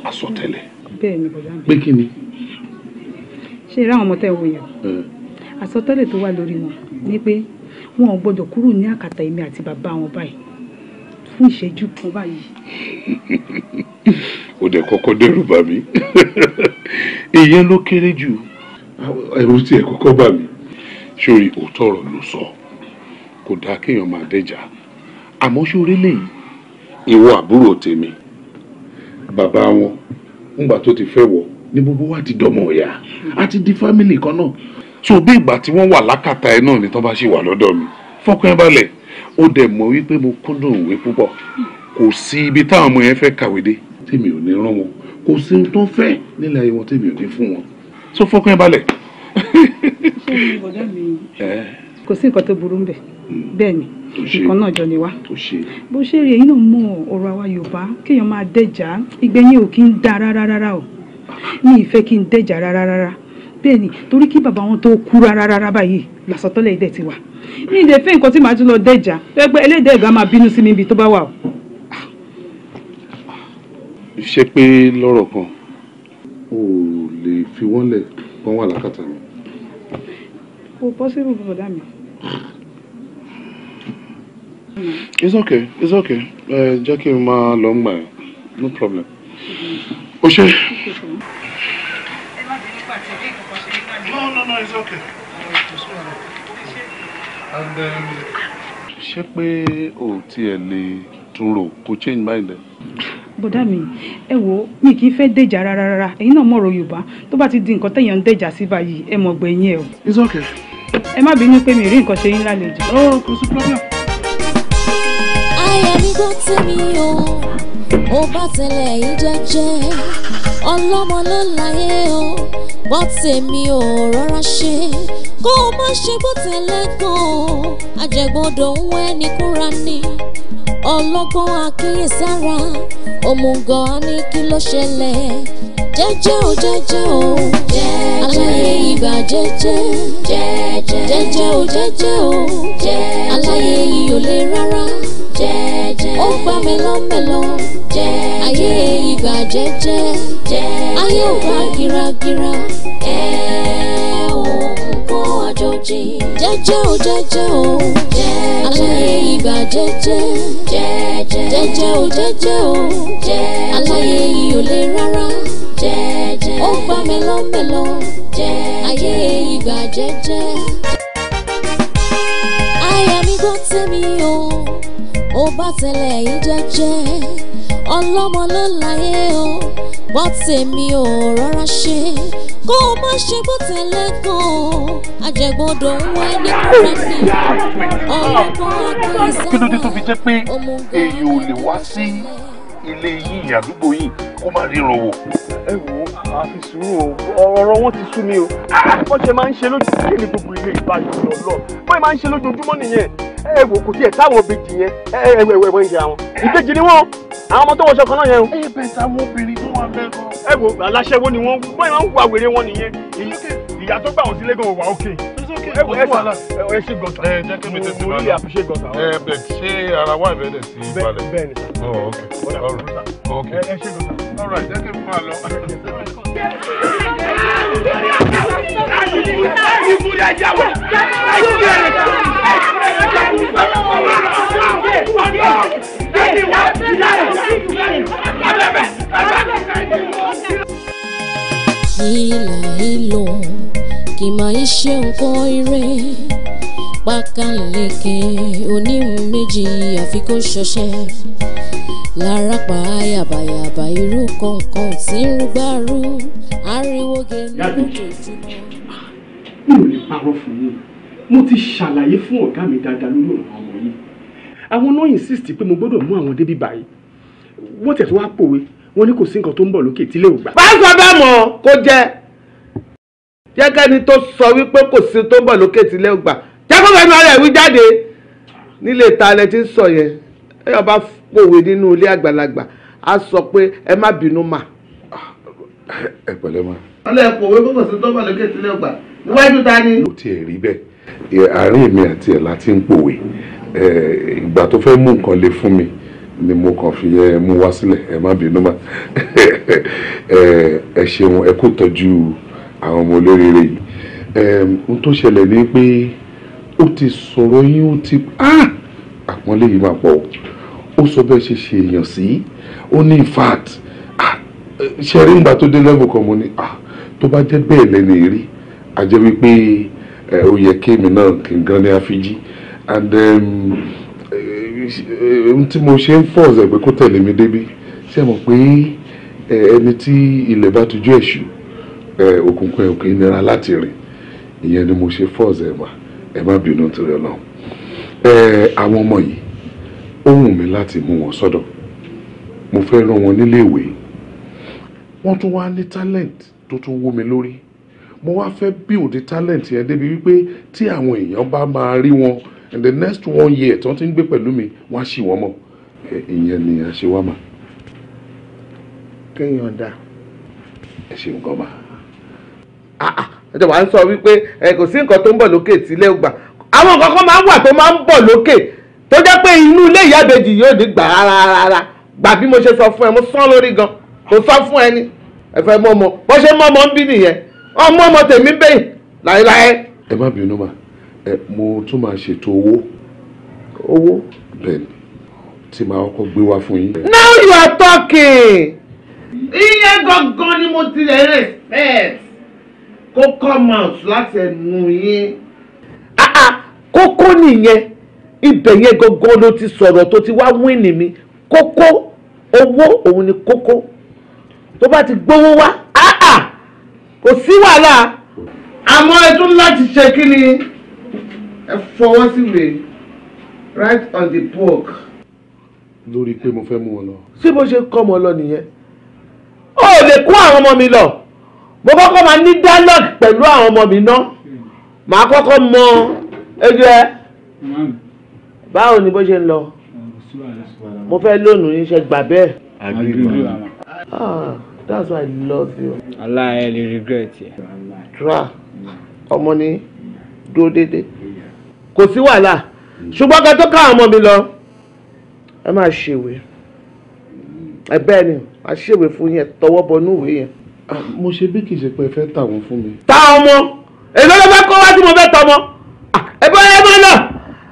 àsọtẹ́lẹ̀. bẹ́ẹ̀ ni bọ̀dá mi. pé kí ni. ṣe rí àwọn ọmọ tẹ́ ẹ wò yẹn eh. àsọtẹ́lẹ̀ tó wà lórí wọn ni pé wọn ò gbọdọ̀ kúrò ní àkàtà èmi àti bàbá wọn báyìí fún ìṣẹ́jú kan báyìí. ó dẹ̀ kọ́kọ́ dẹ́rù bà mí ìyẹn ló kéré jù ẹ̀rù tiẹ̀ kọ́kọ́ bà mí sórí òótọ́ ọ̀rọ̀ ló sọ kò dáa kéèyàn máa dẹ́jà àmọ́ sórí lèyí ìwọ àbúrò tèmi bàbá wọn ńgbà tó ti fẹ́ wọ ní gbogbo wa ti dọmọ ọ̀yà àti di fámìlì kan náà so bí ìgbà tí wọ́n wà lákàtà ẹ náà ni tán bá ṣì wà lọ́dọ̀ mi fọkàn balẹ̀ ó dẹ̀ mọ̀ wípé mo kúndùn òwe púpọ̀ kò sí ibi táwọn ọmọ yẹn fẹ́ kàwé dé tèmi ò ní rán wọn kò sí ohun tó fẹ́ nílẹ̀ ayé wọn tèmi ò ní fún wọn so fọkàn balẹ̀ kò sí nǹkan tó burú ń bẹ hmm. bẹ́ẹ̀ ni nǹkan náà jọ ni wá bó ṣe rí èyí náà mọ ọ̀rọ̀ àwa Yorùbá kéèyàn máa dẹjà ìgbẹ̀yìn ò kí ń da rárá rárá o mi ì fẹ́ kí n dẹjà rárá rárá bẹ́ẹ̀ ni torí kí bàbá wọn tó kú rárá rárá báyìí làsọtọ́lẹ̀ ìdẹ̀ ti wà mi ì dẹ̀ fẹ́ nǹkan tí màá tún lọ dẹjà pẹ́pẹ́ ẹlẹ́dẹ̀ ẹ̀gá máa bínú sí mi ibi tó bá wà o. ṣé pé lọ́rọ̀ kan o ò lè fi wọ́n lẹ̀ kán wà lákàtà mi kò possible bọ̀dá mi. it's okay it's okay jẹ́ kí n máa lọ no problem. Mm-hmm. o ṣe. no no no it's okay. and um, ṣé pé o tiẹ̀ lè tún rò change mind ẹ bọ́dá mi ẹ wo mi kì í fẹ́ dèjà rárá rárá ẹ̀yin náà mọ̀rọ̀ yorùbá tó bá ti di nǹkan tẹ̀yàn ń dèjà sí báyìí ẹ mọ̀ gbẹ̀yìn ẹ o. it's okay ẹ má bínú pé mi rí nǹkan ṣe yín lálejò. ó kò sí problem. ayé mi gbọ́ tèmi o ó bá tẹ̀lé yìí jẹ́jẹ́ ọlọ́mọ ló láyé o gbọ́ tèmi ò rọra ṣe kó o má ṣe gbọ́ tẹ̀lé kan o àjẹgbọ́dọ̀ ń wẹ́ ní kúra ni ọlọ́gbọ́n àkíyèsára òmùgọ̀ á ní kí ló ṣẹlẹ̀ jẹ́jẹ́ o jẹ́jẹ́ o aláyé ibà jẹ́jẹ́ jẹ́jẹ́ o jẹ́jẹ́ o aláyé yìí ò lè rárá ó gbà mẹ́lọ́mẹ́lọ́ ayé aye jẹ́jẹ́ ayé ò bá gírágírá ẹ ò kó àjòjì jẹ́jẹ́ o jẹ́jẹ́ o aláyé ibà jẹ́jẹ́ jẹ́jẹ́ o jẹ́jẹ́ o aláyé yìí ò jẹ́jẹ́ ó gbà mélòmélòó jẹ́jẹ́ ayé ìgbà jẹ́jẹ́. àyà mi gbọ́ tèmi o ó bá tẹ̀lé yín jẹ́jẹ́ ọlọ́mọ ló láyé o gbọ́ tèmi ò rọra ṣe kó o má ṣe gbọ́ tẹ̀lé kan o àjẹgbọ́dọ̀ ń wá ní kúrẹ́sì ọ̀rọ̀ kan àgbà ìsáwọ́ ọmọ nǹkan. kí ló dé tó fi jẹ́ pé èyí ò lè wá sí ilé yìí àdúgbò yìí kó má ríran wò. ẹ wo àfi sùúrù o ọ̀rọ̀ wọn ti sú mi o wọ́n ṣe máa ń ṣe lójoojúmọ́ kí ni gbogbo ilé ìbáyọ̀ lọ wọ́n máa ń ṣe lójoojúmọ́ nìyẹn ẹ wò kò tiẹ̀ táwọn ìbejì yẹn ẹ ẹ wẹ̀ wẹ̀ wẹ̀ ń ṣe àwọn ìbejì ni wọ́n àwọn ọmọ tó wọṣọ kan náà yẹn o. ẹ bẹ́ẹ̀ táwọn obìnrin tó wà bẹ́ẹ̀ lọ. ẹ wo aláṣẹ́wó ni wọ́n wọ́n máa ń wà wèrè wọn nìyẹn ìyá tó gbà wọ́n sílé gan-an ẹwọ ẹ kì máa ń ṣe nǹkan ire pákáleke oníhun méjì àfi kó ṣọṣẹ́ lárapá yàbàyàbà irú kọ̀ọ̀kan tí ń rúgbàrú ariwo gẹ̀ẹ́nì lójoojúmọ́. mi ò lè parọ́ fún yín mo ti ṣàlàyé fún ọ̀gá mi dáadáa lórí ọ̀rọ̀ ọmọ yìí àwọn náà insist pé mo gbọ́dọ̀ mú àwọn débi báyìí wọ́n tẹ̀ tó wá pòwe wọ́n ní kò sí nǹkan tó ń bọ̀ lókè tílé ò gbà. pásítọ̀ bẹ́ẹ̀ mọ̀ kó jẹ́ jẹ́ kẹ́ni tó sọ wípé kò sí tó ń bọ̀ lókè tí ilé ògbà jẹ́ kó fẹ́mi ara ẹ̀ wí jáde nílé ìta lẹ ti ń sọ yẹn ẹ̀yọ́ bá pòwe nínú ilé àgbàlagbà á sọ pé ẹ má bínú mà. ẹ pẹ̀lẹ́ ma. ọlọ́ọ̀ pòwe kò sí tó ń bọ̀ lókè tí ilé ògbà níwájú ta ni. ó tiẹ̀ rí bẹ́ẹ̀ àárín èmi àti ẹ̀ láti ń pòwe ìgbà tó fẹ́ mú nǹkan le fún mi ni mo kàn fi ẹ mú wá sílẹ̀ ẹ má bínú mà ẹ ṣeun ẹ kò tọ́jú àwọn ọmọ olóríire yìí ohun tó ṣẹlẹ̀ ni pé ó ti sọ̀rọ̀ yín ó ti ah! àpọ́nlé yìí máa pọ̀ ó sọ bẹ́ẹ̀ ṣe ṣe èèyàn sí ó ní in ah, ṣe rí ìgbà tó dé level kan mo ní ah, tó bá jẹ́ bẹ́ẹ̀ lẹ́nu èrí a wípé ó yẹ kéèmì náà kì í gan ní àfijì and ohun tí mo ṣe ń force ẹ̀ pé kó tẹ̀lé mi débi ṣe mọ̀ pé ẹni tí ilẹ̀ bá tujú ẹ̀ṣù òkùnkùn ẹ̀ òkè nira láti rìn ìyẹn ni mo ṣe fọ́ọ̀sì ẹ̀ mà ẹ má bínú torí ọlọ́run àwọn ọmọ yìí ó wù mí láti mú wọn sọ́dọ̀ mo fẹ́ rán wọn nílé wọ́n tún wá ní talent tó tún wú mi lórí mo wá fẹ́ build talent yẹn débi wípé tí àwọn èèyàn bá máa rí wọn in the next one year tí wọ́n ti ń gbé pẹ̀lú mi wọ́n á ṣì wọ́n mọ̀ ìyẹn ni àṣewá kéèyàn dà. ẹ ṣeun gan máa. Ah, ah, ẹjọba ń sọ wípé kò sí nǹkan tó ń bọ̀ lókè tílẹ̀ ògbà àwọn nǹkan kan máa ń wà tó máa ń bọ̀ lókè tó jẹ́ pé inú ilé ìyá ìbejì yóò ní gbà rárá gbà bí mo ṣe sọ fún ẹ mo sán lórí gan kò sọ fún ẹni ẹ̀fẹ̀ mọ́ ọmọ bó ṣe mọ́ ọmọ ń bí nìyẹn ọmọ ọmọ tèmi bẹ́ẹ̀ láéláé. ẹ má bínú mà ẹ mo tún máa ṣètò owó owó bẹ́ẹ̀ ni tí màá kọ́kọ́ gbé wá fún yín. now you are talking. iye gangan ni mo ti rẹ̀ respect kó come out láti ẹnu yín. Ah, ah, kókó nìyẹn ibẹ̀ yẹn gangan ló ti sọ̀rọ̀ tó ti wá wíìnì mi kókó owó òun ni kókó tó bá ti gbówó wá ah, kò sí wàhálà. àmọ́ ẹ tún láti ṣe kí ni ẹ fọwọ́ sí rèé right on the book. lórí pé mo fẹ́ mú wọn lọ. ṣé bó ṣe kọ́ ọmọ lọ nìyẹn. o ò lè kó àwọn ọmọ mi lọ mo kọ́kọ́ máa ní dialogue pẹ̀lú àwọn ọmọ mi náà màá kọ́kọ́ mọ ẹjọ́ ẹ báwo ni bó ṣe ń lọ mo fẹ́ lónìí níṣẹ́ gbà bẹ́ẹ̀. Ah, that's why i love you. aláì ẹ lè regret ẹ. tra ọmọ ni dúró déédéé kò sí wàhálà ṣùgbọ́n ká tó ká àwọn ọmọ mi lọ ẹ máa ṣèwé ẹ bẹ́ẹ̀ ni àṣèwé fún yín tọwọ́ bọnú ìwé yẹn. Ah, mo ṣe bí kì í ṣe pé ẹ fẹ́ tà wọ́n fún mi. ta ọmọ èmi ló fẹ́ kó wá tí mo fẹ́ tọmọ ah, ẹ bá máa lọ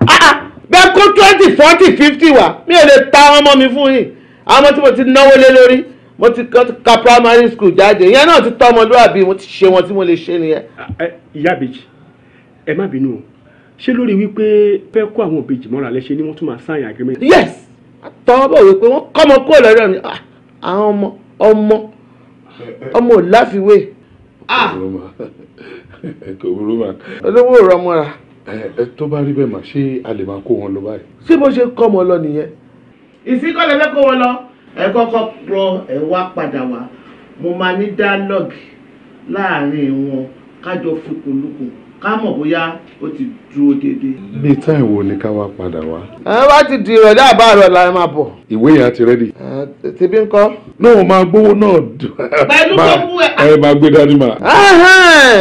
ah, bẹ́ẹ̀ kó twenty forty fifty wá mi ò lè ta ọmọ mi fún yìí àwọn tí mo ti náwó lé lórí mo ti ka primary school jáde ìyẹn náà ti tọ́ ọmọlúwàbí mo ti ṣe wọn tí mo lè ṣe nìyẹn. Eh, ìyá ìbejì ẹ má bínú o ṣé lórí wípé fẹ́ kó àwọn ìbejì mọ́ra lẹ́sẹ̀ ni wọ́n tún máa sign agreement. yes àtọwọ́ bọ̀ wípé wọ́n kọ́ ọmọ kúrò lọ́rọ̀ mi àwọn ọmọ ọmọ ọmọ ò láfiwé. Ah! kò burú mà. olówó rọ mọ́ra. tó bá rí bẹ́ẹ̀ mà ṣé a lè máa kó wọn lọ báyìí. ṣé bó ṣe kọ́ ọmọ lọ nìyẹn. ìsínkọ́lẹ̀ fẹ́ kó wọn lọ ẹ kọ́kọ́ rọ ẹ wá padà wá mo máa ní dialogue láàrin wọn kájọ fikùnlukùn ká mọ̀ bóyá ó ti dúró dédé. bí táì wo ni ká wá padà wá. ẹ bá ti di ìrọ̀lẹ́ àbáàrọ̀ la máa bọ̀. ìwé yẹn ti rẹ́dì. ti bí ń kọ́. náà máa gbowó náà dùn. pẹ̀lú tó mú ẹ. ẹ máa gbé dání mà.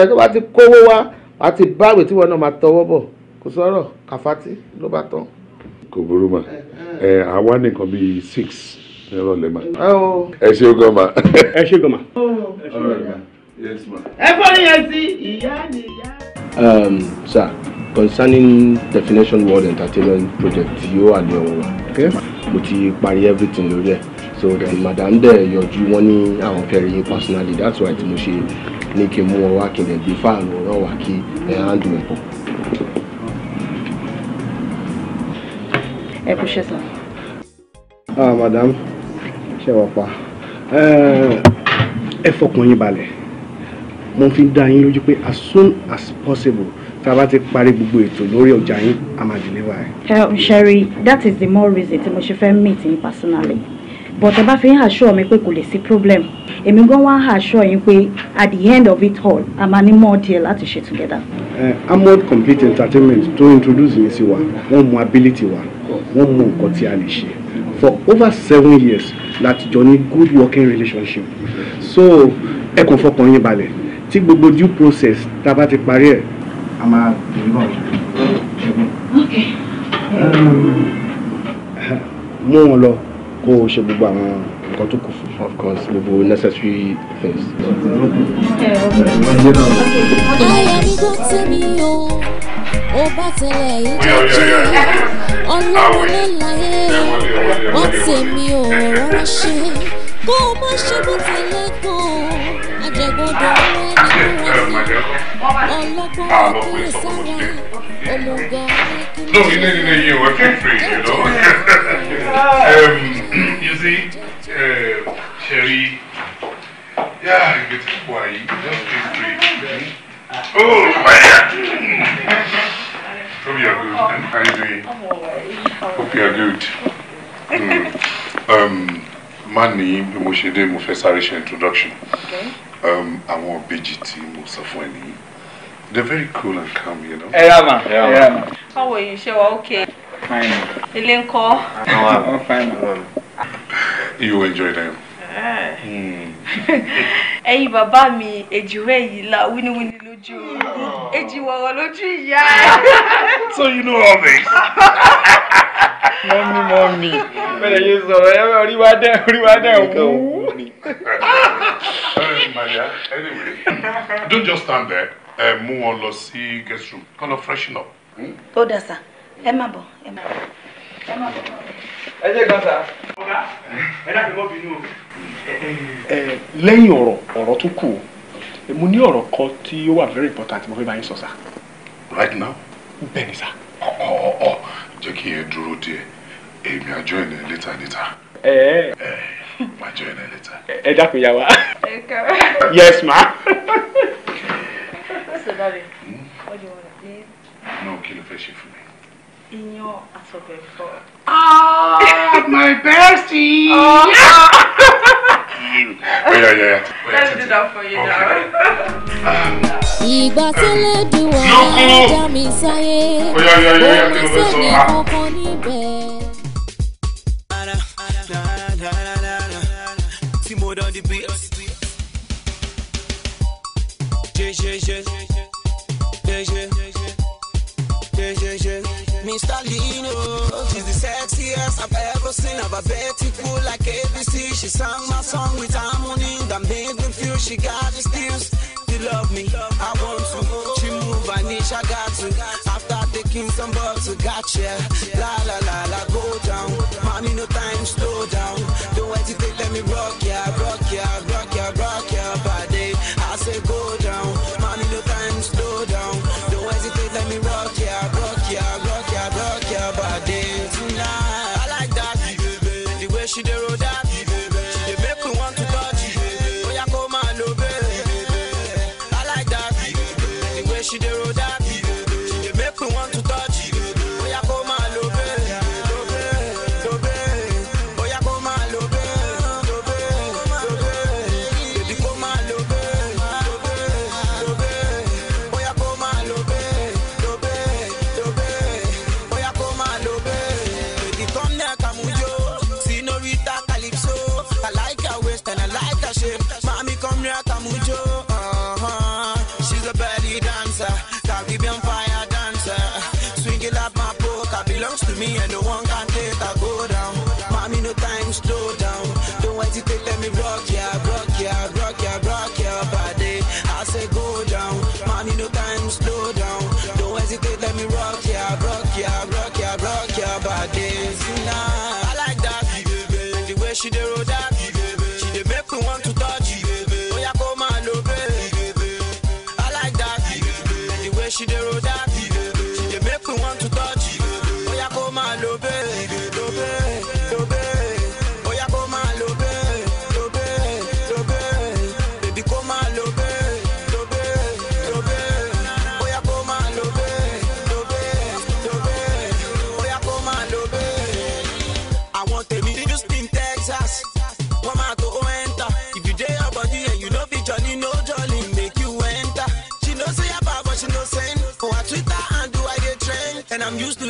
tó bá ti kówó wá wá ti báwé tí wọn náà máa tọwọ́ bọ̀ kò sọ̀rọ̀ kàfátì ló bá tán. kò burú mà ẹ àwa nìkan bíi six ní ọlọ́ọ̀lẹ́ mà. ẹ ṣe é gan mà. ẹ ṣe é gan mà. Um, sir, concerning Definition World Entertainment Project you and your ní okay? But you ti everything over there. So then madam dẹ̀ yọjú wọn ní àwọn fẹ́rẹ̀ yín personally that's why tí mo ṣe ní kí n mú wọn wá kí n lè gbé fáànù ọ̀rọ̀ wá kí ẹ̀ handle ẹ̀ Ah madam, ṣe wà Uh, if I yín balẹ̀ mo fi dá yín lójú pé as soon as possible tá a bá ti parí gbogbo ètò lórí ọjà yín a máa deliver ẹ. Um, Sherry that is the more reason tí mo ṣe fẹ́ meet yín personally but ẹ bá fi ń assure mi pé kò lè sí problem èmi gan wá assure yín pé at the end of it all a máa ní more deal láti ṣe together. Uh, amod complete entertainment tó introduce mi sí wa wọ́n mú ability wa wọ́n mú nǹkan tí a lè ṣe for over seven years láti jọ ní good working relationship so ẹ kàn fọkàn yín balẹ̀ tí gbogbo due process tá a bá ti parí ẹ̀ a máa bèrè bọ̀ ṣẹ́gun. mú wọn lọ kó o ṣe gbogbo àwọn nǹkan tó kù fún of course gbogbo necessary things. ayọ̀ tí mi o ó bá tẹ̀lé yìí jẹ́ ọlọ́run lè láyé wọ́n tèmi ò rọra ṣe kó o má ṣe bó tilẹ̀ kàn án àjẹgbọ́dọ̀ No, you know, you know, you were free, you know. um, you see, uh, Sherry, yeah, it's why just feel free. Oh, yeah. Hope are good. How are you doing? Hope you're good. Mm. Um, Mani, mo ṣe dé, mo fẹ́ sáré introduction. Okay. Um, àwọn ìbejì tí mo sọ fún ẹ nìyí they're very cool and calm you know. ẹ rà mà ẹ rà mà. báwo yìí ṣe wà ókè. fine. ilé ń kọ́. àwọn fine ma. you enjoy them. Hmm. ẹ̀yin bàbá mi èjìwé yìí la wíníwíní lójú èjìwọ̀rọ̀ lójú ìyá. so you know all this. mọ́mí money. bẹ́ẹ̀ yín sọ̀rọ̀ ẹ bẹ́ẹ̀ orí wa dẹ̀ orí wa dẹ̀ wú. don't just stand there ẹ mú wọn lọ sí guest room kọ́ lọ freshen up. ó dà sá ẹ má bọ̀ ẹ má bọ̀ ẹ má bọ̀. ẹ jẹ́ kan sá. ọ̀gá ẹ dàbí mọ́ bínú o. lẹ́yìn ọ̀rọ̀ ọ̀rọ̀ tó kù mo ní ọ̀rọ̀ kan tí ó wà very important mo fẹ́ bá yín sọ sá. right now. bẹ́ẹ̀ sá jẹ́ kí yẹn dúró díẹ̀ èmi àjọ ẹ̀ létà létà. ẹ ẹ àjọ ẹ̀ létà. ẹ dákun yà wá. yes ma. náà hmm? kí ló fẹ́ ṣe fún mi. iyán àtọ̀bẹ̀fọ́. ah my bestie. Oh yé mi. let's do that for you now. ìgbà tí lẹ́dùn ọ̀rọ̀ ah. dá mi sáyé omi oh, sẹ́ni ah. kankan níbẹ̀. Timo down the Mr. Lino. She's the sexiest I've ever seen. I've a beautiful like ABC. She sang my song with harmony that made me feel she got the skills. She love me, I want to. She move, I need, I got to. After taking some bottles, gotcha. La la la la, go down. Mommy, no time, slow down. Don't hesitate, let me rock ya, rock ya, rock ya, rock ya, body. I say go down. she the road dog.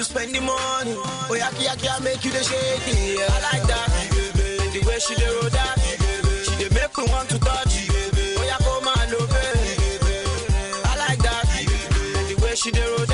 spend the money. Oh, yaki yaki, I make you the shake Yeah. I like that. The way she dey roll that. She dey make me want to touch. Oh, yeah, come on, no, oh, I like that. The way she dey roll that.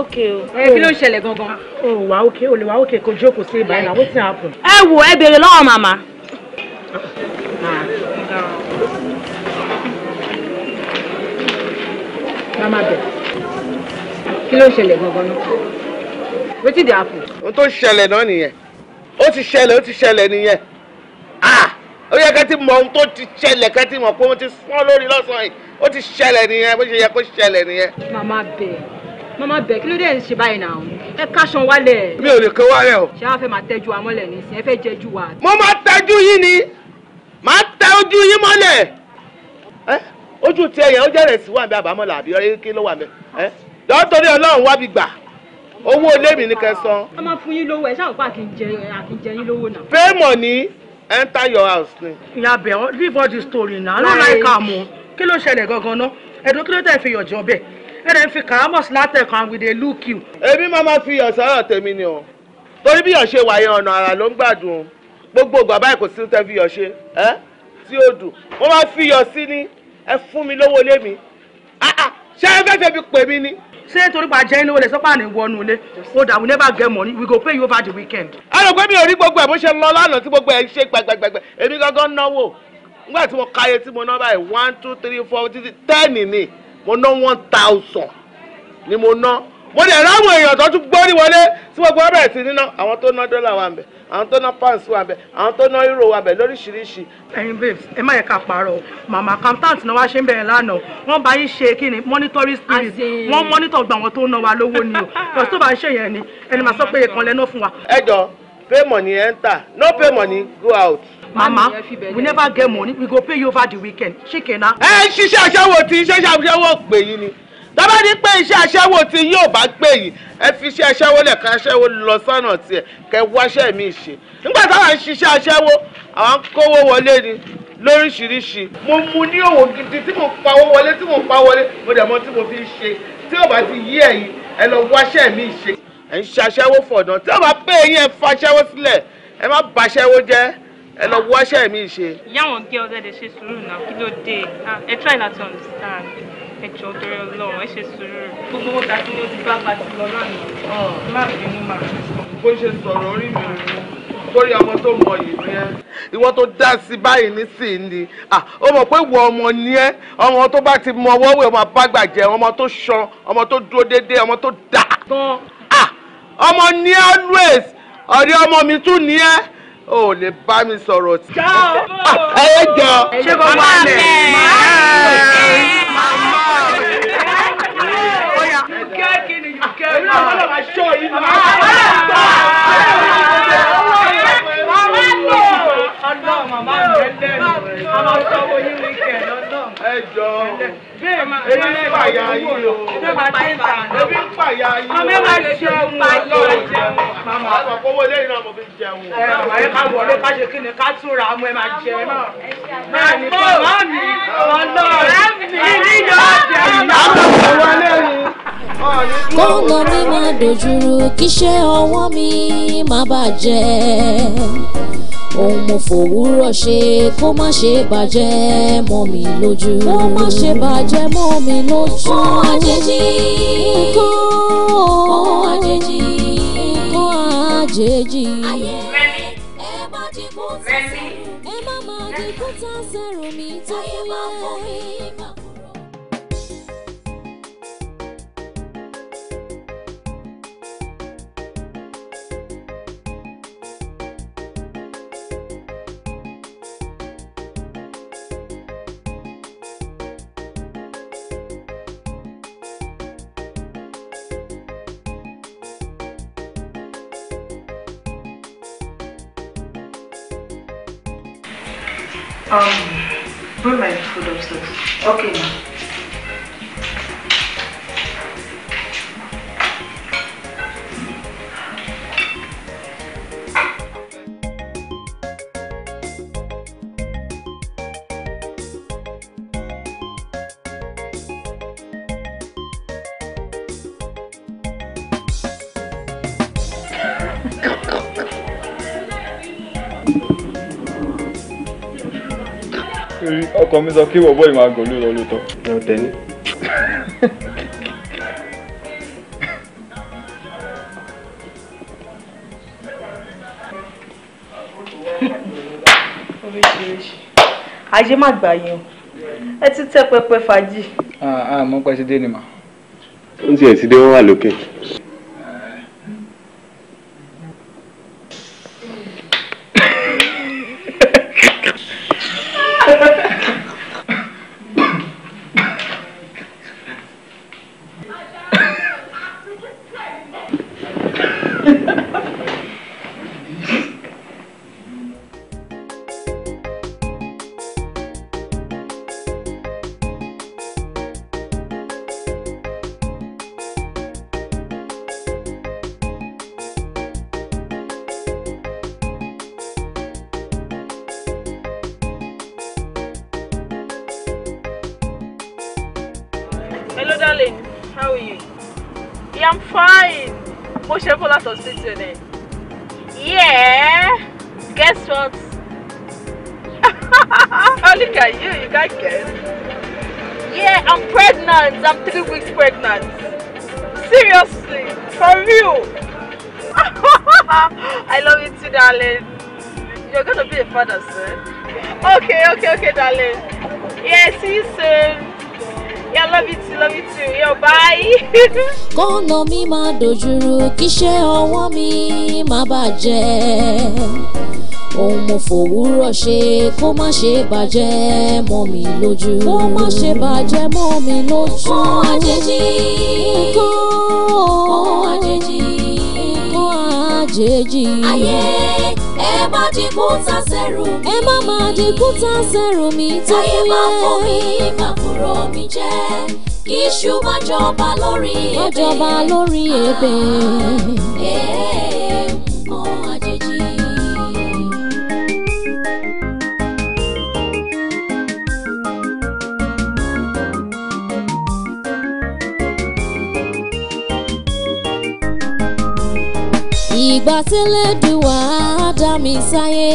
òkè o. ẹ kí ló ń ṣẹlẹ̀ gangan. o wà òkè o lè wà òkè kò jókòó sí ibà ìnáwó tí a pọ̀. ẹ wo ẹ béèrè lọ́wọ́ màmá. màmá bẹ̀ kí ló ń ṣẹlẹ̀ gangan náà. wetin dey happen. ohun tó ṣẹlẹ̀ náà nìyẹn ó ti ṣẹlẹ̀ ó ti ṣẹlẹ̀ nìyẹn ah! ó yẹ kẹ́ ti mọ ohun tó ti ṣẹlẹ̀ kẹ́ ti mọ̀ pé wọ́n ti sán lórí lọ́sàn-án yìí ó ti ṣẹlẹ̀ nìyẹn bó mama bẹ kí ló dé ẹ ń ṣe báyìí náà ẹ káṣan wálẹ̀. mi ò lè kó wálẹ̀ o. ṣé wàá fẹ́ máa tẹ́jú wa mọ́lẹ̀ nísìn ẹ fẹ́ jẹ́jú wa. mo máa tẹ́jú yín ni máa tẹ ojú yín mọ́lẹ̀. ojú tiẹ̀ yẹn ó jẹ́rẹ̀ sí wà ń bẹ àbámọ́lá àbí ọ̀rẹ́ kí ló wà ń bẹ. lọ́tọ́rí ọlọ́run wá bí gbà owó ilé mi ni kẹ́ san. a máa fún yín lówó ẹ ṣáà pa kì í jẹ yín lówó náà. pay money enter your house ni. ìyá bẹ̀ leave the story now i no like am o kí ló ṣẹlẹ̀ gangan náà ẹ̀dùn kí ló tẹ̀ fi yànjọ bẹ́ẹ̀ and then fi kàn án mọ̀ sí látẹ̀kọ̀ and we dey look you. èmi máa ma fi ọ̀sọ́rọ̀ tèmi ni o torí bí ọ̀ṣẹ́ wàyẹ ọ̀nà àrà ló ń gbádùn gbogbo ìgbà báyìí kò sí tẹ́ fi ọ̀ṣẹ́ ẹ́ tí ó dùn wọ́n máa fi iyọ̀ sí ni ẹ fún mi lówó lé mi ṣé ẹ fẹ́ fẹ́ fi pè mí ni. ṣé torí pa jẹ́ inú ilé sọ́pà ní wọnú ilé ó dà never get money we go pay you over the weekend. a rò pé mi ò rí gbogbo ẹ̀ bó ṣe lọ lánàá tí gbogbo ẹ̀ ṣe gbàgbàgbà èmi gangan náwó nígbà tí mo ka iye tí mo ná one two three four títí ten ni mo ná one thousand ni mo ná mo dẹ̀ ráwọn èèyàn tó tún gbórí wọlé tí gbogbo ọbẹ̀ ti níná àwọn tó ná dọ́là wà ńbẹ̀ àwọn tó ná pounds wà ńbẹ̀ àwọn tó ná euro wà ńbẹ̀ lóríṣiríṣi. ẹ̀yin babes ẹ má yẹ ká parọ́ màmá accountant náà wá ṣe ń bẹ̀rẹ̀ lánàá wọ́n bá yín ṣe kí ni monitoring spirit wọ́n monitor gba àwọn tó ná wa lówó ni o kò tó bá ń ṣe yẹn ni ẹni màá sọ pé èèkàn lẹ́nu fún wa. ẹ jọ pay money enter no pay money go out mama we never get money we go pay you over the weekend ṣíkè na. ẹ ṣiṣẹ́ aṣẹ́wó tí iṣẹ́ aṣẹ́wó pè yín ni tọ́ba ní pé iṣẹ́ aṣẹ́wó tí yóò bá pè yín ẹ fi iṣẹ́ aṣẹ́wó lẹ̀ kan aṣẹ́wó lọ sọ́nà tiẹ̀ kẹ́ wáṣẹ́ mi ṣe nígbà táwọn ṣiṣẹ́ aṣẹ́wó àwọn kówó wọlé ni lóríṣiríṣi mo mu ní òwò gidi tí mo pawó wọlé tí mo pa wọlé mo dẹ̀ mọ̀ tí mo fi ń ṣe tí yóò bá ti yí ẹ̀yìn ẹ lọ wáṣẹ́ mi ṣe ẹ̀ ń ṣaṣẹ́wó fọ̀dàn tí yóò bá pè yín ẹ faṣẹ́wó sílẹ̀ ẹ má baṣẹ́wó jẹ́ ẹ lọ wọ aṣẹ mi ṣe. ìyá àwọn gé ọdẹ ṣe sùúrù náà kí ló dé ah, ẹ try not to understand ẹ jọ torí Ọlọ́run ẹ ṣe sùúrù gbogbo owó tàbí ló ti bá pàtó lọ náà ni má bínú má bínú. bó ṣe sọ̀rọ̀ orí mi rẹ̀ torí ọmọ tó mọ yìí ni ẹ ìwọ tó dá sí báyìí nísìnyí ni ó mọ̀ pé wọ ọmọ ni ẹ ọmọ tó bá ti mọ ọwọ́wé ọmọ abágbàjẹ ọmọ tó ṣan ọmọ tó dúró déédéé ọmọ tó dà. ọmọ ni always ọ̀rẹ́ ọmọ mi tún ni ẹ ò lè bá mi sọ̀rọ̀ tí. ẹ jọ. ṣé kò wá lẹ̀. Mama, I'm not sure what you weekend ẹ jọ ebi ń pàyà yìí o ebi ń pàyà yìí o ọmọ ẹwà lè ṣe ọmọ ọlọ́run jẹun màmá àkọ́kọ́wọ́ lẹ́yìn náà mo fi jẹun. ẹ ọmọ ẹ ká wọlé ká ṣe kí ni ká túnra ọmọ ẹ máa jẹ ẹ náà. máa mi ọlọ́run ìní yóò jẹ kọ́nà mi máa dojúrú kíṣẹ́ ọwọ́ mi má bàjẹ́ ohun mo fòwúrọ̀ ṣe kó má ṣe bàjẹ́ mọ́ mi lójú. kó má ṣe bàjẹ́ mọ́ mi lójú. nǹkan àjèjì nǹkan àjèjì nǹkan àjèjì. Okay. ọkọ mi sọ kí bọ̀bọ̀ yìí máa gàn ló lọ lóòótọ́. ẹ ò tẹ̀lé. ajé má gbà yín o ẹ ti tẹ́ pẹpẹ fàájì. àmọ́ ah, ah, pẹ́ ti dé ni mà. ó ń tiẹ̀ ti dé wọ́n wà lókè. kọ́nà mi máa dojúrú kíṣẹ́ ọwọ́ mi máa bàjẹ́ ohun mo fòwúrọ̀ ṣe kó má ṣe bàjẹ́ mọ́ mi lójú. kó má ṣe bàjẹ́ mọ́ mi lójú. kó àjèjì kó àjèjì kó àjèjì. ayé ẹ má dìgbò ta sẹ́rù mi. ẹ má má dìgbò ta sẹ́rù mi tó yẹ. ayé máa fọ́ mi máa kúrò mi jẹ́ kí iṣu má jọba lórí ebè. má jọba lórí ebè. èèmọ̀ ah, eh, àjèjì. ìgbà sílẹ̀ dùn wá dá mi sáyé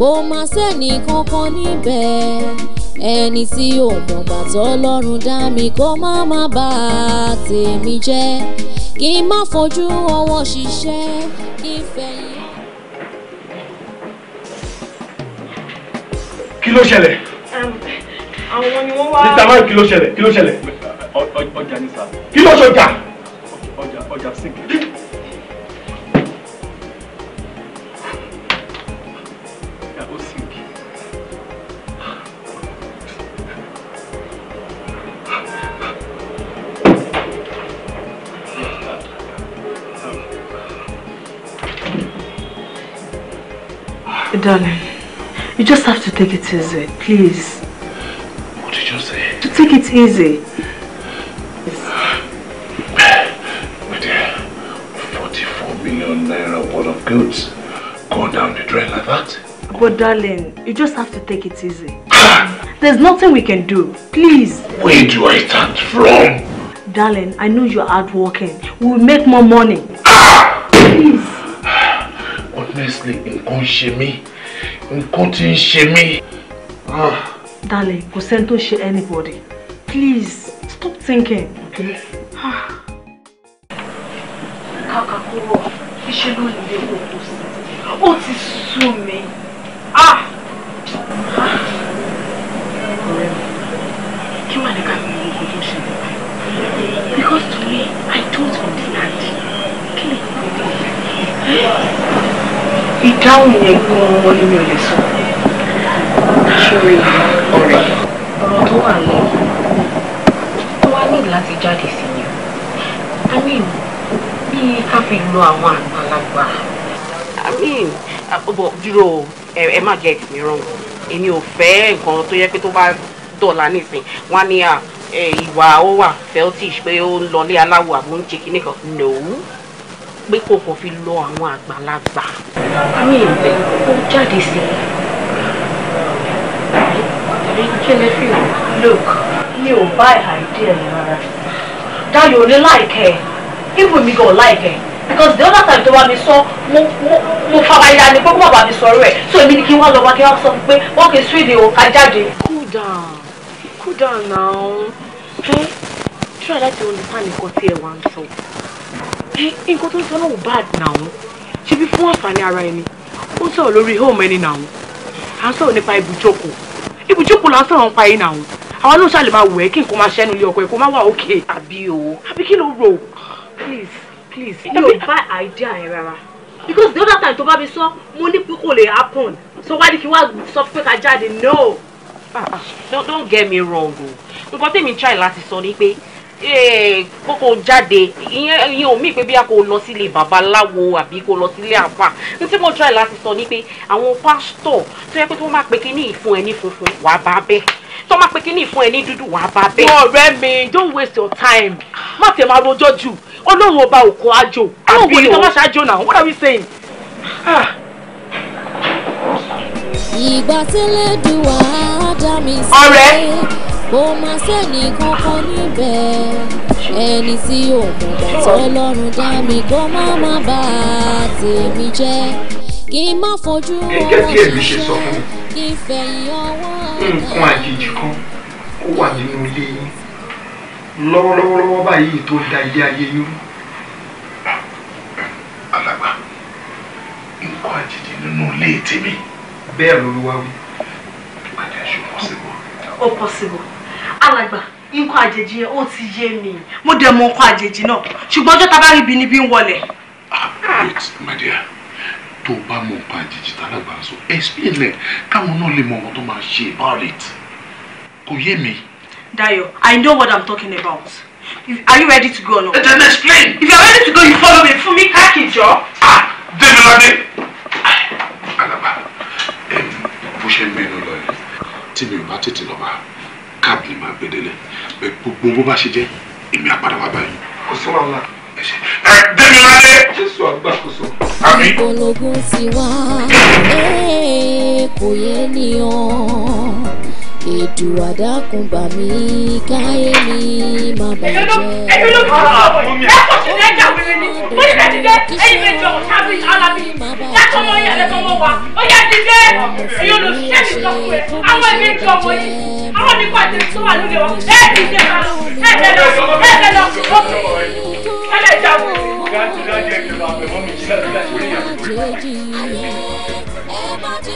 kò má sẹ́nì kankan níbẹ̀ ẹni tí ò mọ̀gbà tọ́lọ́run dá mi kó má má bà tèmi jẹ́ kí n má fojú ọwọ́ ṣiṣẹ́ kí n kí ló ṣẹlẹ̀. àwọn ni wọ́n wá. níta máa kí ló ṣẹlẹ̀ kí ló ṣẹlẹ̀. ọjà ni sá. kí ló ṣọjà. ọjà ọjà sínkì. darling, you just have to take it easy, please. What did you say? To take it easy. My dear, 44 million naira worth of goods going down the drain like that? But darling, you just have to take it easy. There's nothing we can do. Please. Where do I start from? Darling, I know you're hardworking. We'll make more money. Honestly, nǹkan ṣe mí. Nǹkan ti ń ṣe mí. Ah. Darling, kò sẹ́ni tó ṣe anybody. Please, stop thinking. Okay. Ah. Kàkà kúrò, iṣẹ́ ló lè kó kó sí. Ó ti sú mi. Ah. kí wàá ní ká fi mú nǹkan tó ṣẹlẹ̀ báyìí? Because to me, I don't understand. Kí ni kò tó eh? ìdáhùn yẹn gan-an ni mi ò lè sọ ṣórí ọ̀rẹ́ ọ̀rọ̀ tó wà lọ wá ní láti jáde sí ni i mean bí ká fi lo àwọn àgbàlagbà. i mean ọbọ uh, oh, dúró ẹ má jẹ ìtìmí rán èmi ò fẹ́ nǹkan tó yẹ pé tó bá dọ̀la nísìn wọn á ní ìwà ó wà fẹ́ọ́tìṣ pé ó ń lọlé aláwọ̀ àbó ń ṣe kíní kan lòó pé kò kò fi lọ àwọn àgbàlagbà ní ìbẹ̀ kó jáde sí i. kílẹ̀ fi look mi ò bá ìhà ìdí ẹ̀ rárá Dayo ò ní láìkẹ́ ẹ̀ ibù mi gan láìkẹ́ ẹ̀ because the other time tó bá mi sọ mo mo mo fabayà ni pé kó má bàa mi sọ̀rọ̀ ẹ̀ so èmi ni kí wọ́n lọ wá kí wọ́n sọ pé wọ́n kì í sún ìdè òǹkà jáde. cool down cool down now ẹ hmm? ṣọ́ra láti olùkọ́ àníkọ́ tí ẹ wá ń sọ nǹkan tó ń sọ náà ò bá àdínàwó ṣebí fún àǹfààní ara ẹni ó ń sọ̀rọ̀ lórí home ẹni nàwó à ń sọ̀rọ̀ nípa ibùjókòó ibùjókòó là ń sọ̀rọ̀ nípa ẹni nàwó àwa náà ṣàlè máa wẹ̀ kí nǹkan máa ṣẹ́nu ilé ọkọ ẹ̀ kó má wà òkè. àbí o àbí kí ló rò. please please mi ò bá idea yẹn rárá because the other time tó bá mi sọ mo ní pé kò lè happen so wá ní kí wá sọ pé ká jáde no. Ah, ah, don't get me wrong o nǹkan tèmi try láti sọ ni pé Eh, kókó jáde ìyẹn ìyẹn pé bí a kò lọ sílé babaláwo àbí kò lọ sílé àfà ní tí mo try láti sọ ni pé àwọn pásítọ̀ tó yẹ pé tí wọ́n máa pe kíní ìfún ẹ funfun wàá bá bẹ́ẹ̀ tó máa pe kíní ìfún ẹ dúdú wàá bá bẹ́ẹ̀. ọ̀rẹ́ mi don't waste your time má tẹ̀ máa rojọ́ jù ọlọ́run ọba òkò àjò àwọn òwò ìtàn máa ṣáájò náà what are we saying. Ah. ìgbà tí lè dùn wá dá mi sí. ọ̀rẹ́ kò má sẹ́ni kankan níbẹ̀ ẹni tí ò mọ̀gbà tọ́lọ́run dá mi kó má má bà á tèmi jẹ́ kí n má fojú ọ̀rọ̀ ṣiṣẹ́ kí n fẹ̀yìn ọwọ́ nǹkan àjèjì kan ó wà nínú ilé yín lọ́wọ́lọ́wọ́ báyìí tó da ilé ayé yín rú. alàgbà nǹkan àjèjì nínú ilé tèmi. bẹ́ẹ̀ ló wá wí. ó possible alàgbà nǹkan àjèjì yẹn ó ti yé mi mo dẹ̀ mọ nǹkan àjèjì náà ṣùgbọ́n ọjọ́ ta bá rí ibi níbi ń wọlẹ̀. Ah, wait my dear tó o bá mọ nǹkan àjèjì tá alàgbà sọ explain ẹ káwọn náà lè mọ ọmọ tó máa ṣe about it kò yé mi. Dayo I know what I'm talking about if, are you ready to go or not. Eh, then explain. if you are ready to go you follow me fún mi káàkiri jọ. ah débi lọ́dẹ. alàgbà bó ṣe ń bínú lọ yìí tí mi ò bá tètè lọ bá káàbì yìí máa gbẹdẹlẹ bẹ gbogbo bó bá ṣe jẹ èmi àpàdà wà báyìí. kò sí wàhálà. ẹ dẹ́mi lálẹ́. jésù àgbàkóso. àmì. ìpolongo ti wá kò yé nìyàn. Èdùà dákun bà mí káyé mi má bàjẹ́. ẹyọ ló kọ́ ọ̀rọ̀ ọ̀rọ̀ mi. ẹ kò sí ẹja wẹrẹ ni mo ní bẹ́ẹ̀ dídé ẹyin méjì ọmọ sábì alábì yàtọ̀ ọmọ yẹn wa ó yà dídé èyí ló ṣiṣẹ́ mi sọ ẹ àwọn ẹ̀mí ìjọ ọmọ yìí àwọn nípa àti tó wà lóde wọn ẹ dídé ẹ bẹ ẹ bẹ lọ òkè ẹ lẹ jà wẹrẹ.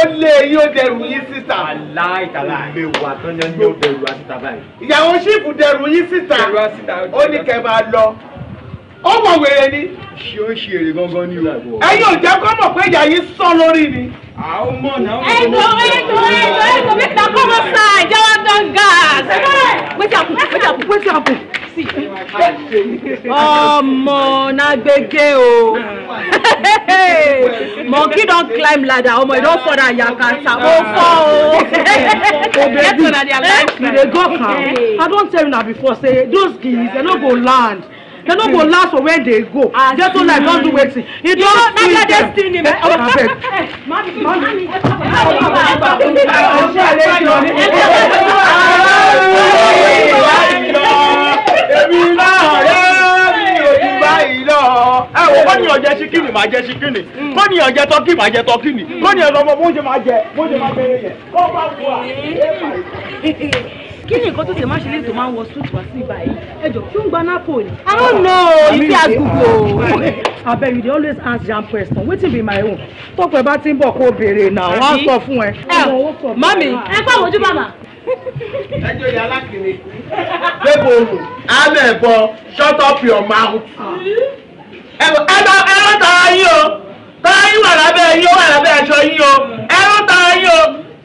ó lé yín ó dẹrù yín síta. aláì tàlà lè wà tán ni ó dẹrù àti tàbá ìyàwó ṣíìpù dẹrù yín síta ó ní kẹ́ máa lọ ó mọ̀ wèrè ni. ṣé ó ń ṣe èrè gangan ní o. ẹ̀yin ò jẹ́ kó mọ̀ pé ìyá yìí sọ lórí ni. àwọn ọmọ náà. ẹ̀dọ̀ ẹ̀dọ̀ ẹ̀dọ̀ ẹ̀dọ̀ make na common sign jawa don gas. wait up wait up wait up ọmọ n'agbege o monkey don climb ladder ọmọ e don fall na yakata o fall o oh, get una their life. you dey go calm i don tell una before say those geese dem no go land dem no go last for where they go just so like don do wetin e don see dem abeg. èmi náà rẹ̀ báyìí lọ. ẹ wo kọ́nìyàn jẹ ṣíkìnì máa jẹ ṣíkìnì kọ́nìyàn mm. jẹ tọ́kì máa jẹ tọ́kìnì kọ́nìyàn mm. lọ́mọ bó ṣe máa jẹ bó ṣe máa bẹ̀rẹ̀ yẹn kọ́ mm. bá wù wá. kí ni nǹkan tó tẹ̀ máa ṣe lẹ́yìn tó máa ń wọ suit wá sí ibà yìí ẹjọ kí ń gba napoli. i don't know ibi àgùkò. abeg you dey always ask jam question wetin be my own tọpẹ bá ti ń bọ̀ kó béèrè náà wọn á sọ fún ẹ. ẹ mami ẹ pa wojú bàbà. ẹjọ yà lákìní débò olù àmì ẹ̀bọ shut up your mouth. ẹ̀rọ ẹ̀rọ ẹ̀rọ tara yín o tara yín wà lábẹ́ yín ó wà lábẹ́ aṣọ yín o ẹ̀rọ tara yín o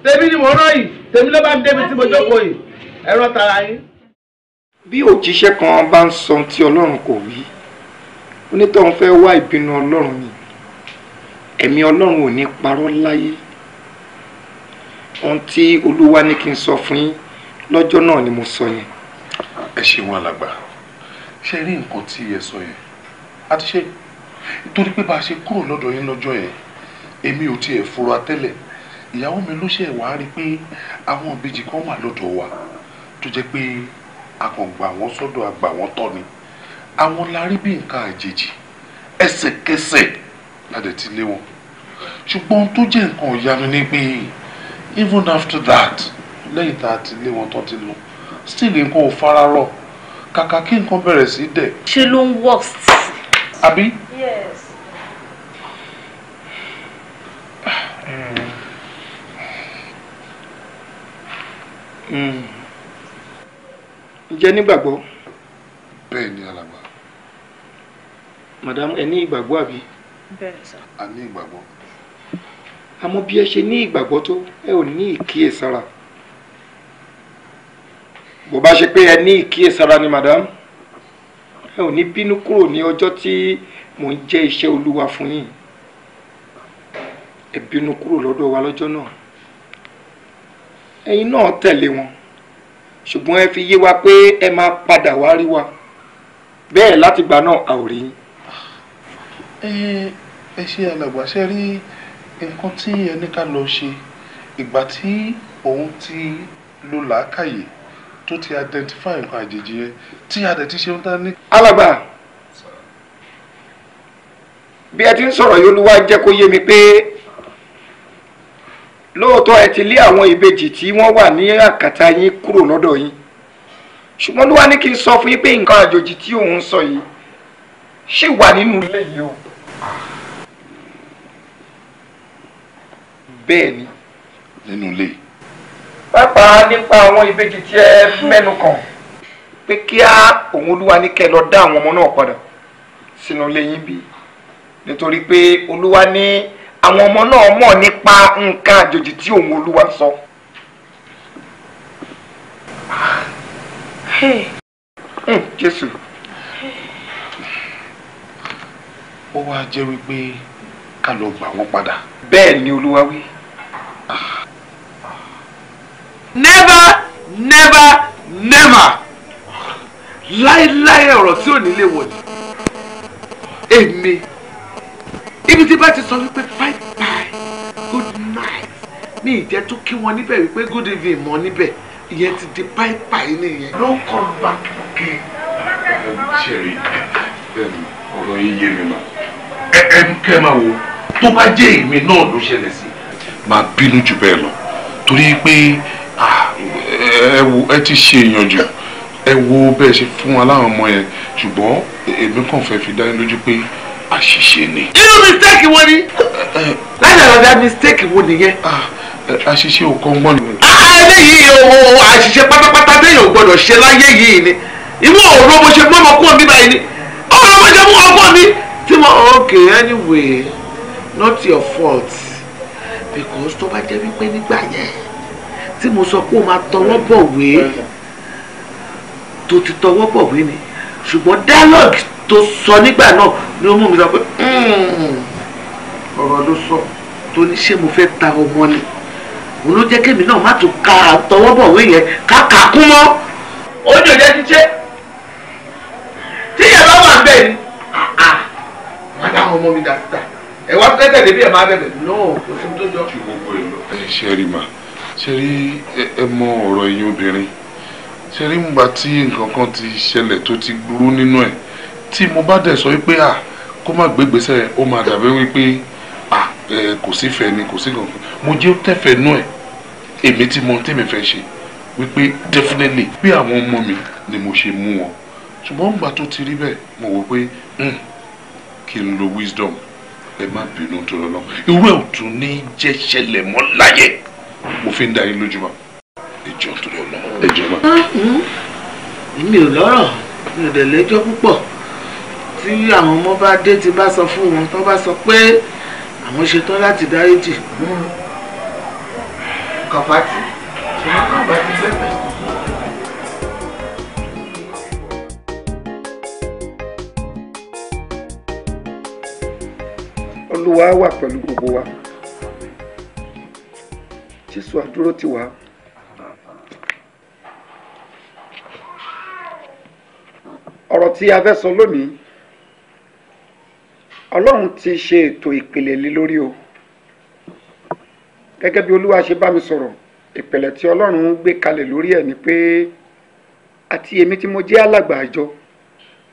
tèmi ni mo rán yìí tèmi ló bá ń débi tí mo jókòó yìí ẹ rán tara yín. bí òjíṣẹ́ kan bá ń sọ tí ọlọ́run kò wí onítọ̀hún fẹ́ wá ìbínú ọlọ́run ni ẹ̀mí ọlọ́run ò ní parọ́ láyé ohun tí olúwa ní kí n sọ fún yín lọ́jọ́ náà ni mo sọ yẹn. ẹ ṣe wọn alàgbà ṣe rí nǹkan tí ẹ sọ yẹn a ti ṣe nítorí pé bá a ṣe kúrò lọ́dọ̀ yín lọ́jọ́ yẹn èmi ò tiẹ̀ fura tẹ́lẹ̀ ìyàwó mi ló ṣe wá rí i pé àwọn ìbejì kan wà lọ́dọ̀ wa tó jẹ́ pé akàngbà wọn sọ́dọ̀ àgbà wọn tọ́ ni àwọn la rí bí nǹkan àjèjì ẹsẹ̀kẹsẹ̀ ládẹ̀ ti lé wọn ṣùgbọ́n ohun tó jẹ́ nǹkan ìyanu ni pé even after that lẹ́yìn tá a ti lé wọn tán ti lọ still nǹkan ò fara rọ kàkà kí nǹkan bẹ̀rẹ̀ sí dẹ̀. ṣe ló ń worst. àbí. yes. Mm. Hmm. hmm ǹjẹ́ nígbàgbọ́. bẹ́ẹ̀ ni alàgbà. madam ẹ ní ìgbàgbọ́ àbí. bẹ́ẹ̀ sà. a ní ìgbàgbọ́. àmọ́ bí ẹ ṣe ní ìgbàgbọ́ tó ẹ ò ní ìkíyèsára bó bá ṣe pé ẹ ní ìkíyèsára ni madam ẹ ò ní bínú kúrò ní ọjọ́ tí mò ń jẹ́ iṣẹ́ olúwa fún yín ẹ bínú kúrò lọ́dọ̀ wa lọ́jọ́ náà ẹ̀yin náà tẹ̀lé wọn ṣùgbọ́n ẹ fi yé wa pé ẹ máa padà wá rí wa bẹ́ẹ̀ látìgbà náà a ò rí yín. ẹ ṣe alàgbà ṣe rí nǹkan tí ẹni ká lọ ṣe ìgbà tí òun ti lo làákàyè tó ti identify nǹkan àjèjì yẹn tí a dẹ̀ ti ṣe ń dání. alàgbà bí ẹ ti ń sọ̀rọ̀ yìí olúwa jẹ́ kó yé mi pé lóòótọ́ ẹ ti lé àwọn ìbejì tí wọ́n wà ní àkàtà yín kúrò lọ́dọ̀ yín ṣùgbọ́n ló wá ní kí n sọ fún yín pé nǹkan àjòjì tí òun sọ yìí ṣì wà nínú ilé yìí o. bẹ́ẹ̀ ni. nínú ilé. pàápàá nípa àwọn ìbejì tí ẹ mẹ́nu kàn pé kí òun olúwa ní kẹ́ lọ dá àwọn ọmọ náà padà sínú ilé yín bí nítorí pé olúwa ní. Ni àwọn ọmọ náà mọ̀ nípa nǹkan àjòjì tí òun olúwa sọ. Hmm, jésù. ó wáá jẹ́ wípé ká lọ gbà wọ́n padà. bẹ́ẹ̀ ni olúwa wí. never never never láéláé ọ̀rọ̀ sí òní lè wọ̀ ni èmi ibi tí bá ti sọ wípé bye bye good night ní ìjẹ́ tó kí wọn níbẹ̀ wípé good evening mọ́ níbẹ̀ ìyẹn ti di bye bye nìyẹn. no come back again. ṣeré ọ̀rọ̀ yìí yé mi mà ẹ ẹ kẹ́ máa wo tó bá jẹ́ èmi náà ló ṣẹlẹ̀ sí máa bínú jù bẹ́ẹ̀ lọ torí pé ẹ ti ṣe ìyànjú ẹ wo bẹ́ẹ̀ ṣe fún wa láwọn ọmọ yẹn ṣùgbọ́n èmi kàn fẹ́ fi dá yín lójú pé àṣìṣe ni. irú mistake wo ni. Eh, eh. ládàládà mistake wo nìyẹn. Ah, eh, àṣìṣe ò kàn gbọ́n mi. Ah, ah, eléyìí o àṣìṣe pátápátá téèyàn ò gbọ́dọ̀ ṣe láyé yìí ni ìwọ òru mo ṣe mọ́mọ́ kún mi báyìí ni ọ̀rọ̀ mo ṣe mú ọgbọ́n mi. tí wọ́n okay anyway not your fault because tó bá jẹ́ wípé nígbà yẹn tí mo sọ pé o máa tọwọ́ bọ̀wé tó ti tọwọ́ bọ̀wé ni ṣùgbọ́n dialogue tó sọ nígbà náà ni ó mú mi sọ pé hmm, ọ̀rọ̀ ló sọ tó ní ṣé mo fẹ́ ta ọmọ ni òun ló jẹ́ kémi náà má tún ka àtọwọ́bọ̀wé yẹn ká kà á kún mọ́. ó ní òjẹ́ ti ṣe tí ìyá bá wà bẹ́ẹ̀ ni ah, wọ́n dá àwọn ọmọ mi dà síta ẹ wá fẹ́ tẹ̀lé bí ẹ máa bẹ̀bẹ̀ náà kò sí tó jọ. ṣe rí ma ṣe rí ẹ mọ ọ̀rọ̀ ẹ̀yin obìnrin ṣe rí mùgbà tí nǹkan kan ti ṣẹlẹ̀ tó ti burú nínú ẹ̀ tí mo bá dẹ̀ sọ wípé à kó má gbégbèsè ó máa dàbí wípé à kò sífẹ̀ ni kò sí kankan mo jẹ́ tẹ̀fẹ̀ nú ẹ̀ èmi tí mo tẹ̀mí fẹ́ ṣe wípé definitely bí àwọn ọmọ mi ni mo ṣe mú wọn ṣùgbọ́n ìgbà tó ti rí bẹ́ẹ̀ mo wò pé hmm, kí n lo wisdom ẹ má bínú tó lọ́nà irú ẹ̀ ò tún ní jẹ́ ṣẹlẹ̀ mọ́ láyé mo fi ń da yín lójú ẹ jọ̀ọ́ mà. mi ò lọ́rọ̀ mi ò dẹ̀ lẹ́jọ́ púpọ̀ tí àwọn ọmọ bá dé ti bá sọ fún wọn tó bá sọ pé àwọn ṣetán láti dáríjì. kọ̀fàtì ṣùgbọ́n kọ̀fàtì sẹ́fẹ̀ẹ́. olúwa wà pẹ̀lú gbogbo wa jésù àdúró ti wà á. ọ̀rọ̀ tí a fẹ́ sọ lónìí ọlọ́run ti ṣe ètò ìpìlẹ̀ lé lórí o gẹ́gẹ́ bí olúwa ṣe bá mi sọ̀rọ̀ ìpìlẹ̀ tí ọlọ́run gbé kalẹ̀ lórí ẹ̀ ni pé àti èmi tí mo jẹ́ alàgbà àjọ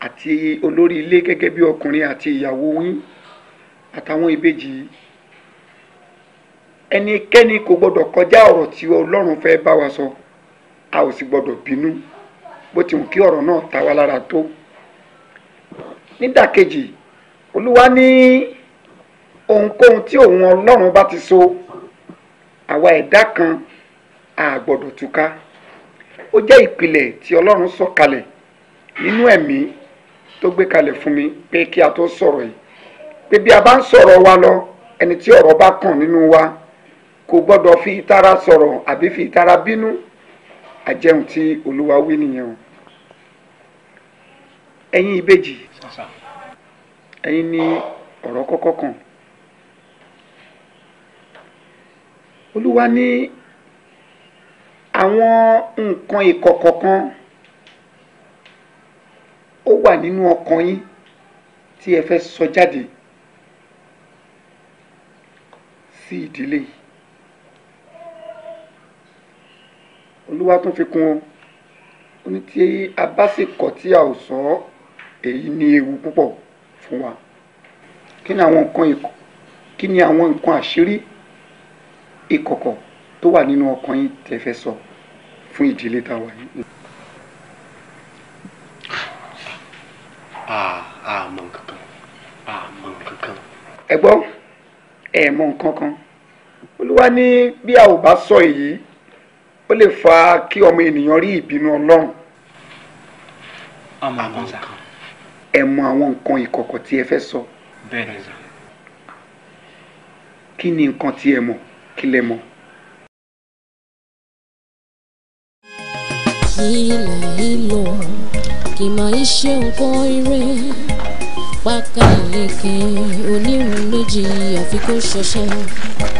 àti olórí ilé gẹ́gẹ́ bí ọkùnrin àti ìyàwó yín àtàwọn ìbejì ẹnikẹ́ni kò gbọ́dọ̀ kọjá ọ̀rọ̀ tí ọlọ́run fẹ́ bá wa sọ a ò sì gbọ́dọ̀ bínú bó ti wù kí ọ̀rọ̀ náà ta wá lára tó nídàkejì olúwa ní ohunkóhun tí òun ọlọ́run bá ti so àwa ẹ̀dá kan a gbọ́dọ̀ túká ó jẹ́ ìpìlẹ̀ tí ọlọ́run sọ kalẹ̀ nínú ẹ̀mí tó gbé kalẹ̀ fún mi pé kí a tó sọ̀rọ̀ yìí pé bí a bá ń sọ̀rọ̀ wa lọ ẹni tí ọ̀rọ̀ bá kàn nínú wa kò gbọ́dọ̀ fi ìtara sọ̀rọ̀ àbí fi ìtara bínú àjẹun tí olúwa wí nìyẹn o ẹ̀yin ìbejì ẹ̀yin ní ọ̀rọ̀ kọ́kọ́ kan olúwa ní àwọn nǹkan ìkọ̀kọ̀ kan ó wà nínú ọkàn yín tí ẹ fẹ́ sọ jáde sí ìdílé yìí. olúwa tún fi kún un ó ní tí a bá sì kọ̀ tí a ò sọ èyí ní ewu púpọ̀ fún wa kí ni àwọn nǹkan ìkọ̀ kí ni àwọn nǹkan àṣírí ìkọ̀kọ̀ tó wà nínú ọkàn yín tẹ́ fẹ́ sọ fún ìdílé tá a wà yìí. àmọ́ nǹkan kan àmọ́ nǹkan kan. ẹ gbọ́ ẹ mọ nǹkan kan olúwa ní bí a ò bá sọ èyí ó lè fa kí ọmọ ènìyàn rí ìbínú ọlọ́run. ọmọ àwọn kan. ẹ mọ àwọn nǹkan ìkọ̀kọ̀ tí ẹ fẹ́ sọ. bẹ́ẹ̀ ni sà. kí ni nǹkan tí ẹ mọ̀ kí lẹ mọ̀. ilẹ̀ ìlò kì máa ṣe nǹkan ire pákáleke oníhun méjì àfi kó ṣọṣẹ́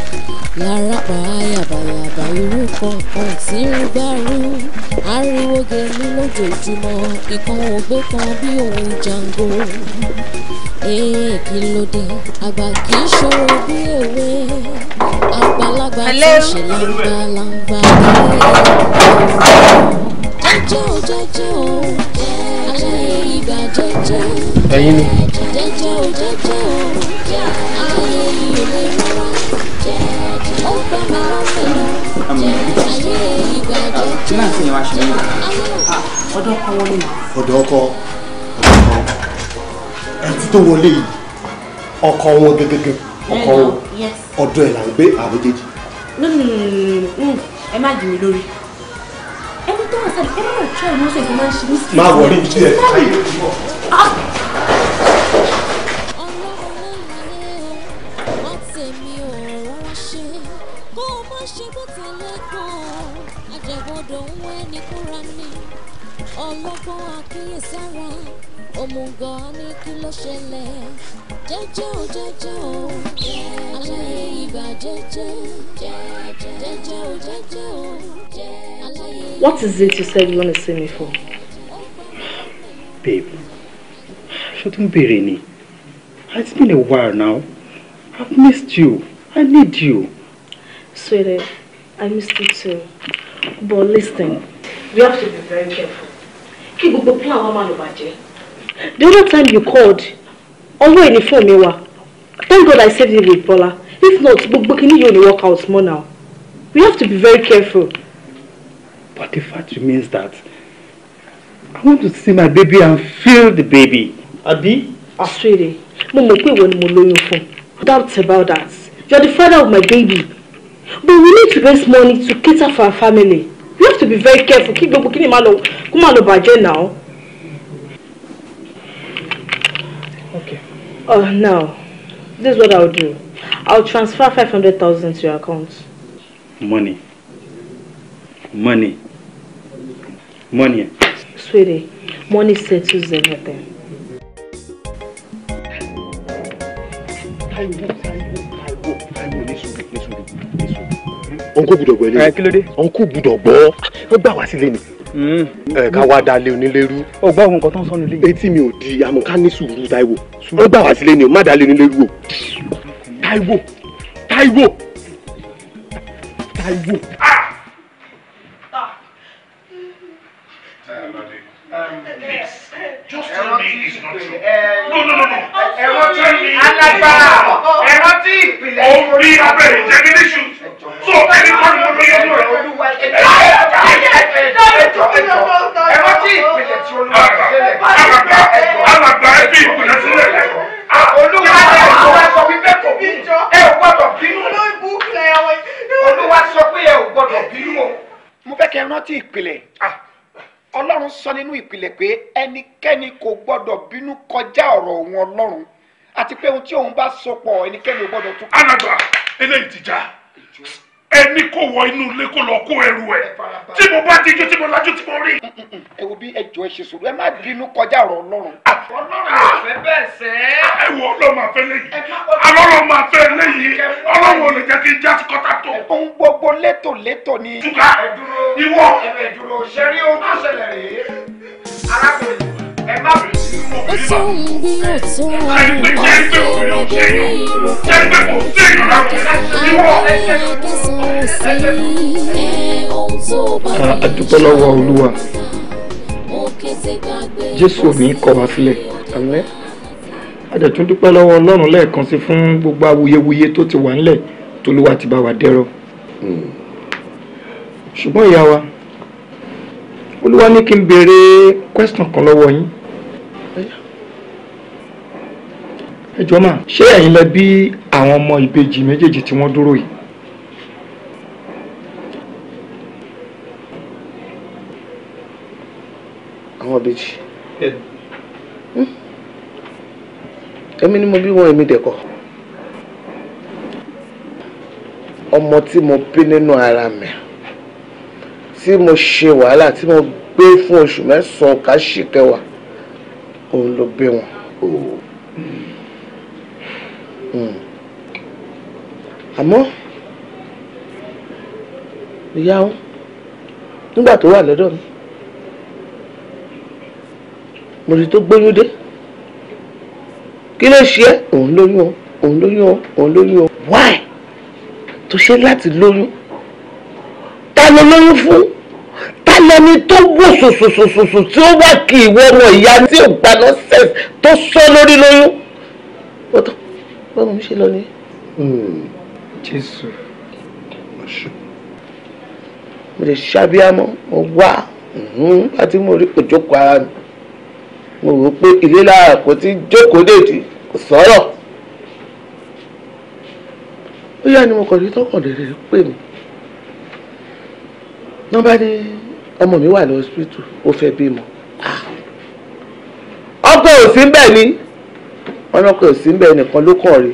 láràbà ayàbàyàbà irú kan kan tí ń ariwo gẹ̀mí lójoojúmọ́ ìkan ògbé kan bí òun jango. ee kí ló dé àgbà kì í ṣòro bí èwe àgbàlagbà tó ṣe lágbà lágbà jẹ́jẹ́ o jẹ́jẹ́ o àṣẹ ìgbà jẹ́jẹ́ ẹ̀yin ni jẹ́jẹ́ o jẹ́jẹ́ o àṣẹ tí náà sì yẹn wá ṣe mí rẹ̀. ọ̀dọ̀ ọkọ wọlé yìí. ọ̀dọ̀ ọkọ ọ̀dọ̀ ọkọ ẹtí tó wọlé yìí ọkọ wọn gẹgẹgẹ ọkọ wọn ọ̀dọ̀ ẹ là ń gbé àwòjẹjì. ẹ má jù mí lórí ẹni tó wà sáré ẹ má lọ tí ọ̀rọ̀ mọ́sẹ̀ tó máa ń ṣe máa wọlé ibi tí ẹ ti ṣàyẹ̀wò. odò ń wé kúra ní ọlọ́gbọ́n àkíyèsára òmùgọ̀ ní kí ló ṣẹlẹ̀ jẹ́jẹ́ ò jẹ́jẹ́ ò aláyé ìgbà jẹ́jẹ́ jẹ́jẹ́ ò jẹ́jẹ́ ò aláyé. What is it you said you wanna see me for? Babe, ṣé o tún béèrè ni? It's been a while now. I've missed you. I need you. Sweetie, I missed you too. But listen, we have to be very careful. Kí gbogbo plan wa má lọ bàjẹ́. The other time you called, ọwọ́ ẹni fún me wá. Thank God I saved you with Bola. If not, gbogbo kìíní yóò ní work out more now. We have to be very careful. But the fact remains that I want to see my baby and feel the baby. Abi? Australia. mo mọ̀ pé ìwọ ni mo lóyún fún. about that. You're the father of my baby. But we need to raise money to cater for our family you have to be very careful Keep gbogbo kí ni máa lọ kó máa now. okay. Uh, now this is what I'll do I'll transfer five hundred thousand to your account. money money money. sweetie money settles everything. ọ̀nkú gbúdọ̀ gbọ́ eléyìí kí ló dé ọ̀nkú gbúdọ̀ gbọ́ ó gbà wá sílé ni ẹ ká wá dalé onílérú. ó gbọ́ ohun kan tó ń sọnù lẹ́yìn. etí mi ò di àmọ́ ní sùúrù Táíwò ó gbà wá sílé ni má dalé onílérú o Táíwò Táíwò Táíwò. Just tell me it's not true. No, no, no, no. Ẹ̀rọ tí alágbára. Ẹ̀rọ tí ìpìlẹ̀. Orí abẹ́rẹ́ jẹ́ so ẹni tó ní olóyè ló rẹ olúwa ẹjọ ẹjọ ẹjọ ẹjọ ẹjọ tí ìpìlẹ̀ tí olúwa sílẹ̀ alàgbà alàgbà ẹbí ìpìlẹ̀ sílẹ̀ olúwa olúwa sọ wípé kò bí ẹ ò gbọdọ̀ bínú olúwa sọ pé ẹ ò gbọdọ̀ bínú o. mo fẹ́ kẹ́ rántí ìpìlẹ̀ ọlọ́run sọ nínú ìpìlẹ̀ pé ẹnikẹ́ni kò gbọdọ̀ bínú kọjá ọ̀rọ̀ òun ọlọ́run àti pé ohun tí òun bá sopọ̀ ẹnikẹ́ni ò gbọdọ̀ tún. alàgbà eléyìí ti já ẹni kò wọ inú ilé kó lọ kó ẹrù ẹ tí mo bá dijú tí mo lajú tí mo rí. ẹ wo bí ẹjọ́ ẹ ṣe sòrò ẹ má bínú kọjá ọ̀rọ̀ Ọlọ́run. Ah! Ọlọ́run àfẹ bẹ́ẹ̀ sẹ. Ah! ẹ wo Ọlọ́run máa fẹ́ léyìí Ọlọ́run máa fẹ́ léyìí Ọlọ́run ò lè jẹ́ kí n já sikọta tó. ohun gbogbo létò létò ni. tuka ìwọ. ẹ bẹ ohun tó ṣẹlẹ̀ rèé arákùnrin ó tún ń bí ó tún wà ní ọ̀gẹ́gẹ́ ní ìlú kẹsàn-án sí. àdúpẹ́ lọ́wọ́ olúwa jésù ò ní kọ̀ wá sílẹ̀ àmín àdẹ̀tún dúpẹ́ lọ́wọ́ ọlọ́run lẹ́ẹ̀kan sí fún gbogbo awuyewuye tó ti wà ńlẹ̀ tolúwa ti bá wa dẹ́rọ̀ hmm. ṣùgbọ́n ìyá wa olúwa ní kí n béèrè question kan lọ́wọ́ yín. ẹ jọ̀ọ́ mà ṣé ẹ̀yin lẹ bí àwọn ọmọ ìbejì méjèèjì tí wọ́n dúró yìí. àwọn ìbejì hm? èmi ni mo bí wọn èmi dẹ̀kọ̀ ọmọ tí mo bí nínú ara mi tí mo ṣe wàhálà tí mo gbé fún oṣù mẹ́sàn-án ká ṣe kẹwàá òun ló bí wọn. Hmm. àmọ́ ìyá ó nígbà tó wà lọ́dọ̀ mi mo rí tó gbóyún dé kí ló ṣe é òun lóyún o òun lóyún o òun lóyún o why tó ṣe láti lóyún ta ló lóyún fún ta lẹni tó wò sòsòsòsòsò tí ó wà kí ìwọ ọmọ ìyá tí ò gba nọ́sẹ̀sì tó sọ lórí lóyún báwo ń ṣe lọlé. Hmm. jésù mo lè ṣàbíamọ mo wá láti mhm, mo rí òjókòó ara mi mo rò pé ilé lára kò tí jókòó dèjì kò sọ̀rọ̀ ó yá ni mo kàn rí tọkàndínlẹ̀ pè mí nọ́mbà ní ọmọ mi wà lọ́sibítù ó fẹ́ bímọ ah. ọkọ òsínbẹ̀ ni wọn náà kò sí ń bẹ ẹnìkan ló kàn rí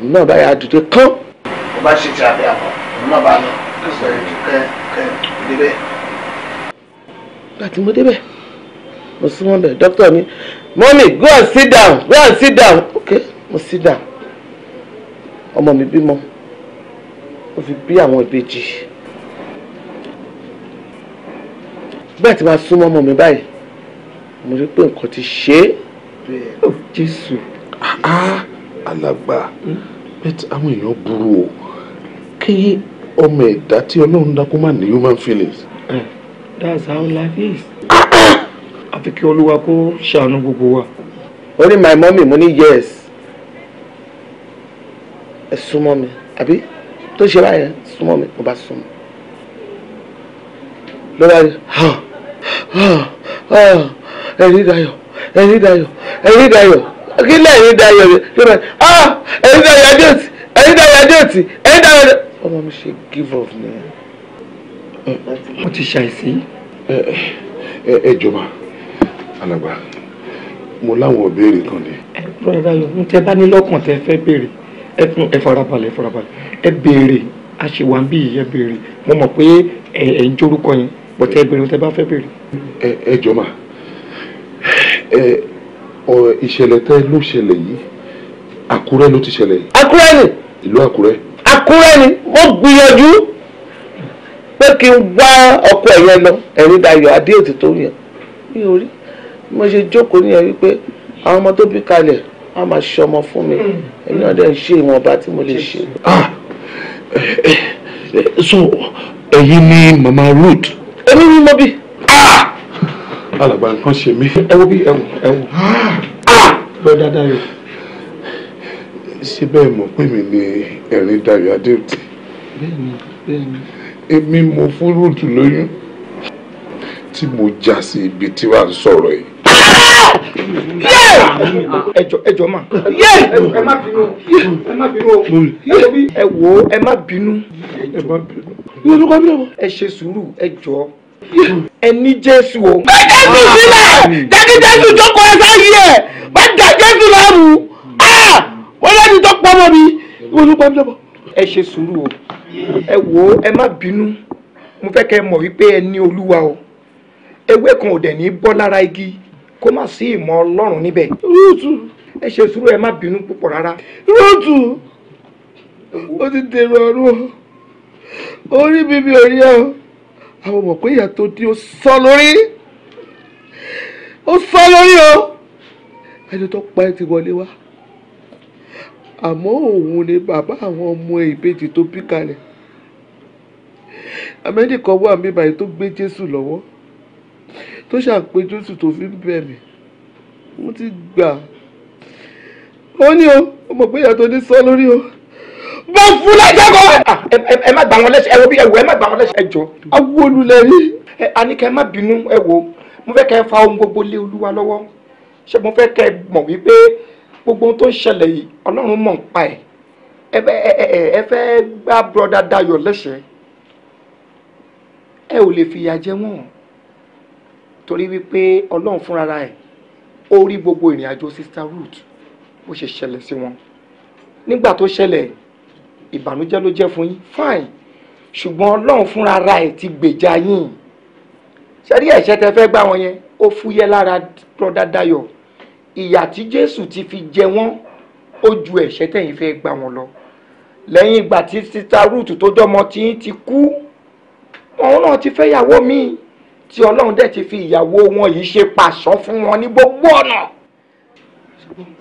òun náà báyà dùdú kán. ó bá ṣe ti abẹ́ àpọ̀ òun náà bá lọ pẹ̀lú kẹ́ kẹ́ débẹ̀. nígbà tí mo débẹ̀ mo sún wọn bẹ̀ dókítà mi mọ́mí go and sit down go and sit down ok mo sit down ọmọ mi bímọ ó fi bí àwọn ìbejì nígbà tí màá súnmọ́ ọmọ mi báyìí mo rí pé nǹkan ti ṣe é. Oh, ah, ah, hmm? bẹ́ẹ̀ jésù. alàgbà bẹ́ẹ̀ àwọn èèyàn burú o kí ọmọ ẹ̀dá tí ọlọ́run dá kó má ní human feelings. Eh, that's how life is. àfi kí olúwa kó ṣàánú gbogbo wa. ó ní my mummy mo ní yes ẹ súnmọ́ mi àbí tó ṣe báyẹn súnmọ́ mi mo bá súnmọ́ ló bá rí ẹ̀rí dayọ̀ ẹ̀yin dayọ̀ ẹ̀yin dayọ̀ kí lẹ́ ẹ̀yin dayọ̀ ṣọlá ah ẹ̀yin dayọ̀ adé òtí ẹ̀yin dayọ̀ adé òtí ẹ̀yin dayọ̀. ọmọ mi ṣe give up ni. wọ́n ti ṣàìsí. ẹ jọba alàgbà mo láwọn ìbéèrè kan ni. ẹ rọ ẹ dayọ̀ n tẹ bá ní lọ́kàn tẹ fẹ́ béèrè ẹ fún ẹ farabalẹ̀ farabalẹ̀ ẹ béèrè àṣewàǹbí yìí ẹ béèrè mo mọ̀ pé ẹ ń jórúkọ yẹn bọ̀tẹ́ béèrè tẹ bá fẹ́ béèrè. ẹ ẹ jọba ìṣẹ̀lẹ̀ tẹ́ ló ṣẹlẹ̀ yìí àkúrẹ́ ló ti ṣẹlẹ̀ yìí. ni. ìlú àkúrẹ́. àkúrẹ́ ni mo gbìyànjú pé kí n wá ọkọ ẹ̀yẹn lọ ẹ̀rín dayọ̀ adéòtí tó yàn ní orí mo ṣe jókòó níyẹn wípé àwọn ọmọ tó bí kalẹ̀ wọ́n máa ṣe ọmọ fún mi èmi náà ń ṣe ìwọ̀nba tí mo lè ṣe. Ah, eh, eh, so ẹ̀yin ni mama root èmi ni mo bí. ah alàgbà nǹkan ṣe mí ẹ wo bí ẹ wò ẹ wò lọ dáadáa yọ. ṣé bẹ́ẹ̀ mọ̀ pé mi ni ẹ̀rín Dayọ̀ Adéòtí. bẹ́ẹ̀ni bẹ́ẹ̀ni. èmi mo fúrúùtù lóyún tí mo já sí ibi tí wàá ń sọ̀rọ̀ yìí ẹjọ ẹjọ ma ẹ má bínú ẹ má bínú ẹ wò ẹ má bínú ẹ má bínú ẹ ṣe sùúrù ẹjọ ẹni jésù o. bá jésù sílẹ̀ jẹ́kí jésù jókòó ẹ sáyé ẹ̀ bá jà jésù lọ́rù wọ́n lẹ́ni tó pọ́ mọ́ mi wọ́n ló pa mí lọ́bọ̀. ẹ ṣe sùúrù o ẹ wò ó ẹ má bínú mo fẹ́ kẹ́ ẹ mọ̀ wípé ẹ ní olúwa o ewé kan ò dẹ̀ ní bọ́ lára igi kó má sí ìmọ̀ ọlọ́run níbẹ̀. rúùtù ẹ ṣe sùúrù ẹ má bínú púpọ̀ rárá. rúùtù ó ti dèrò ọ̀run orí bíbí orí àwọn mọ̀ pé ìyà tó dé ó sọ lórí ó sọ lórí o ẹni tó pa ẹ ti wọlé wá àmọ́ òun ni bàbá àwọn ọmọ ìbejì tó bí kalẹ̀ amẹ́ríkà wà mí báyìí tó gbé jésù lọ́wọ́ tó ṣàpè jésù tó fi ń bẹ̀ mí mo ti gbà ó ní o ọmọ pé ìyà tó dé sọ lórí o mo fún lẹ́jọ́ kọ́. Ah, ẹ má gbà wọn lẹ́sẹ̀ ẹ wo bí ẹ wò ẹ má gbà wọn lẹ́sẹ̀ ẹ jọ. awo olùlẹ̀rí ẹ àníkẹ́ má bínú ẹ wò mo fẹ́ kẹ́ ẹ fa ohun gbogbo lé olúwa lọ́wọ́ ṣé mo fẹ́ kẹ́ ẹ mọ̀ wípé gbogbo ohun tó ń ṣẹlẹ̀ yìí ọlọ́run mọ̀ ń pa ẹ̀ ẹ ẹ fẹ́ gbá bọ́dá Dayọ̀ lẹ́sẹ̀ ẹ ò lè fìyà jẹ wọ́n torí wípé ọlọ́run fúnra ẹ̀ ó rí gbogbo ìrìn àjò Sister root bó ṣe ṣẹlẹ̀ sí wọn nígbà tó ṣẹlẹ̀ yìí ìbànújẹ́ ló jẹ́ fún yín fine ṣùgbọ́n ọlọ́run fúnra ara ẹ̀ ti gbèjà yín ṣẹ́rí ẹ̀ṣẹ̀ tẹ fẹ́ gbà wọn yẹn ó fúyẹ́ lára brọ́dá Dayọ̀ ìyà tí Jésù ti fi jẹ wọ́n ó ju ẹ̀ṣẹ̀ tẹ̀yìn fẹ́ gbà wọn lọ lẹ́yìn ìgbà tí títa rúùtù tó jọmọ tí ń ti kú òun náà ti fẹ́yàwó míì tí ọlọ́run dẹ̀ ti fi ìyàwó wọn yìí ṣe pàṣán fún wọn ní gbogbo ọ̀nà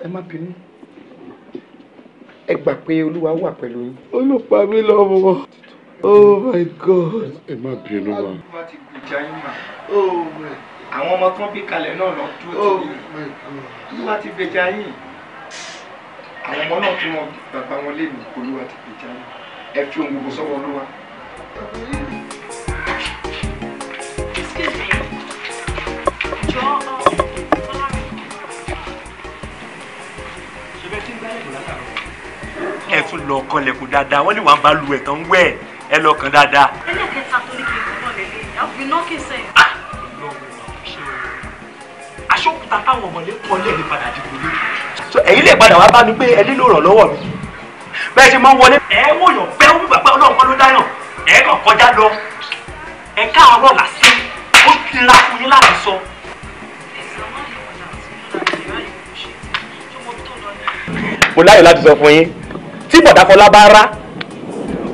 ẹ má bínú ẹ gbà pé olúwa wà pẹ̀lú yín. olùpa mi lọ́mọ oh my god. ẹ má bínú wa. Oh àwọn ọmọ tán bí kalẹ̀ náà lọ dúró tì oh mí olúwa ti gbèjà yín àwọn ọmọ náà tí wọn bàbá wọn lé mi olúwa ti gbèjà yín ẹ fi ohun gbogbo sọ́wọ́ olúwa. oh, me. Draw up. tún lọ kọlẹ̀kùn dáadáa wọ́n ní wàá bá lu ẹ̀tàn wẹ̀ ẹ lọ kàn dáadáa. ẹlẹ́kẹta tó ní kí n kọ́ náà lélẹ̀ yìí àwọn iná kì í sẹ́. Ah! aṣọ́kùtà táwọn ọmọlé kọ́lẹ̀ ní padà dìbò lé. ẹ̀yin lè padà wá bá mi pé ẹ nílò ìrànlọ́wọ́ mi bẹ́ẹ̀ ṣe máa ń wọlé. ẹ wòyàn bẹ́ẹ̀ wù bàbá ọlọ́run kọ́ ló dáyàn ẹ kàn kọjá lọ ẹ káàárọ̀ làásì mo láyọ̀ láti sọ fún yín tí bọ̀dá fọlá bá rá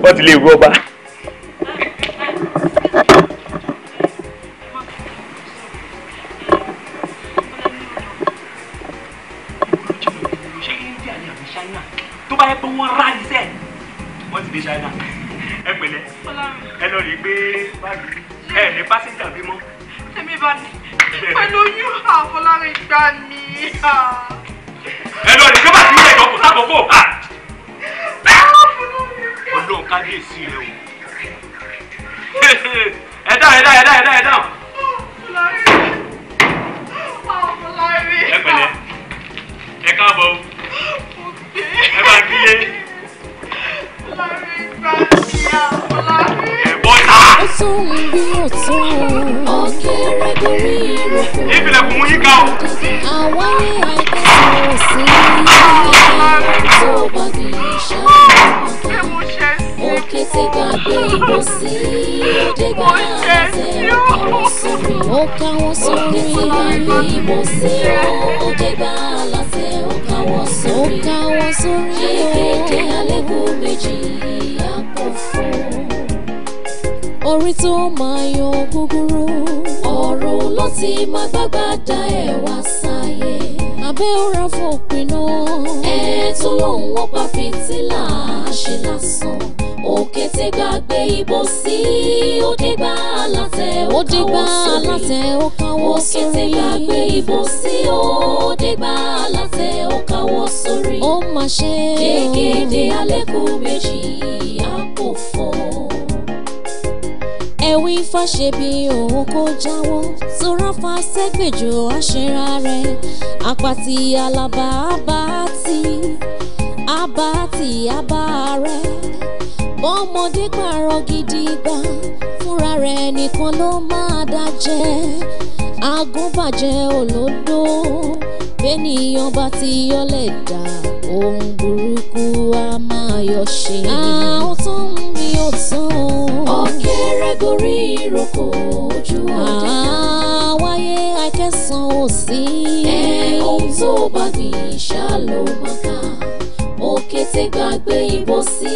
wọ́n ti lè rú ọba. tó bá yẹ pé wọ́n rá iṣẹ́ wọ́n ti dé ṣáínà ẹ pẹ̀lẹ́ ẹ lọ rí i pé báàgì ẹ ní pásítà bímọ. tèmi bá ní pẹ̀lú oyún àfọlárin gbà mí. ẹ lọ rí i pé bàtí ilé ìjọkùn sábọ̀ bò kábíyèsí rẹ o ẹ dáhùn ẹ dáhùn ẹ dáhùn ẹ dáhùn. ẹ pẹ̀lẹ́ ẹ káàbọ̀ o ẹ bá kílé. Ó sún bí é kété gbàgbé ìbò sí òdìgbà àtẹ̀rẹ̀ káwọn sórí ó káwọn sórí ìgbàgbé ìbò sí òdìgbà àtẹ̀rẹ̀ káwọn sórí ó káwọn sórí kékeré àlébù méjì àpò fún. orí tó máa yọ gúgúrú. ọ̀rọ̀ wa ti máa gbágbá da ẹ̀wà sáyé. abẹ́ òra fòpin náà. ẹ̀ tó lóun wọ́pá fìtílà ṣe lásán òkété gbàgbé ìbò sí òde gbà aláṣẹ òde gbà aláṣẹ ó káwọ́ sórí òkété gbàgbé ìbò sí òde gbà aláṣẹ ó káwọ́ sórí ó mà ṣe o jẹgẹdẹ alẹkùn méjì àpò fọ. ẹ̀wí fàṣẹbí òun kò jáwọ́ sọ́ra fa sẹ́gbẹ̀jọ àṣẹra rẹ̀ àpàtì alábàábà tí abàtì abà rẹ̀ ọmọdé pààrọ̀ gidi gbà fúnra rẹ̀ nìkan ló máa dájẹ́ agúnbàjẹ́ olódó bẹ́nìyàn bá ti yọlẹ̀ dà ohun burúkú a máa yọ ṣe. àwọn tó ń bí ọ̀tún. ọ̀kẹ́rẹ́ gorí ìrókò ojú ọ̀dẹ́. àwáyé akẹ́sàn ò sí. ẹ ohun tó bá gbìn ṣá ló máa kà òkété gbàgbé ìbò sí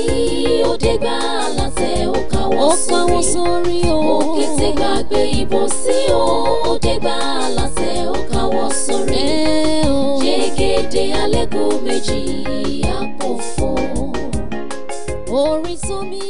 òde gbà látẹ ó káwọ́ sórí òkété gbàgbé ìbò sí òde gbà látẹ ó káwọ́ sórí jẹgẹdẹ alẹgùn méjì àpòfò orin sómi.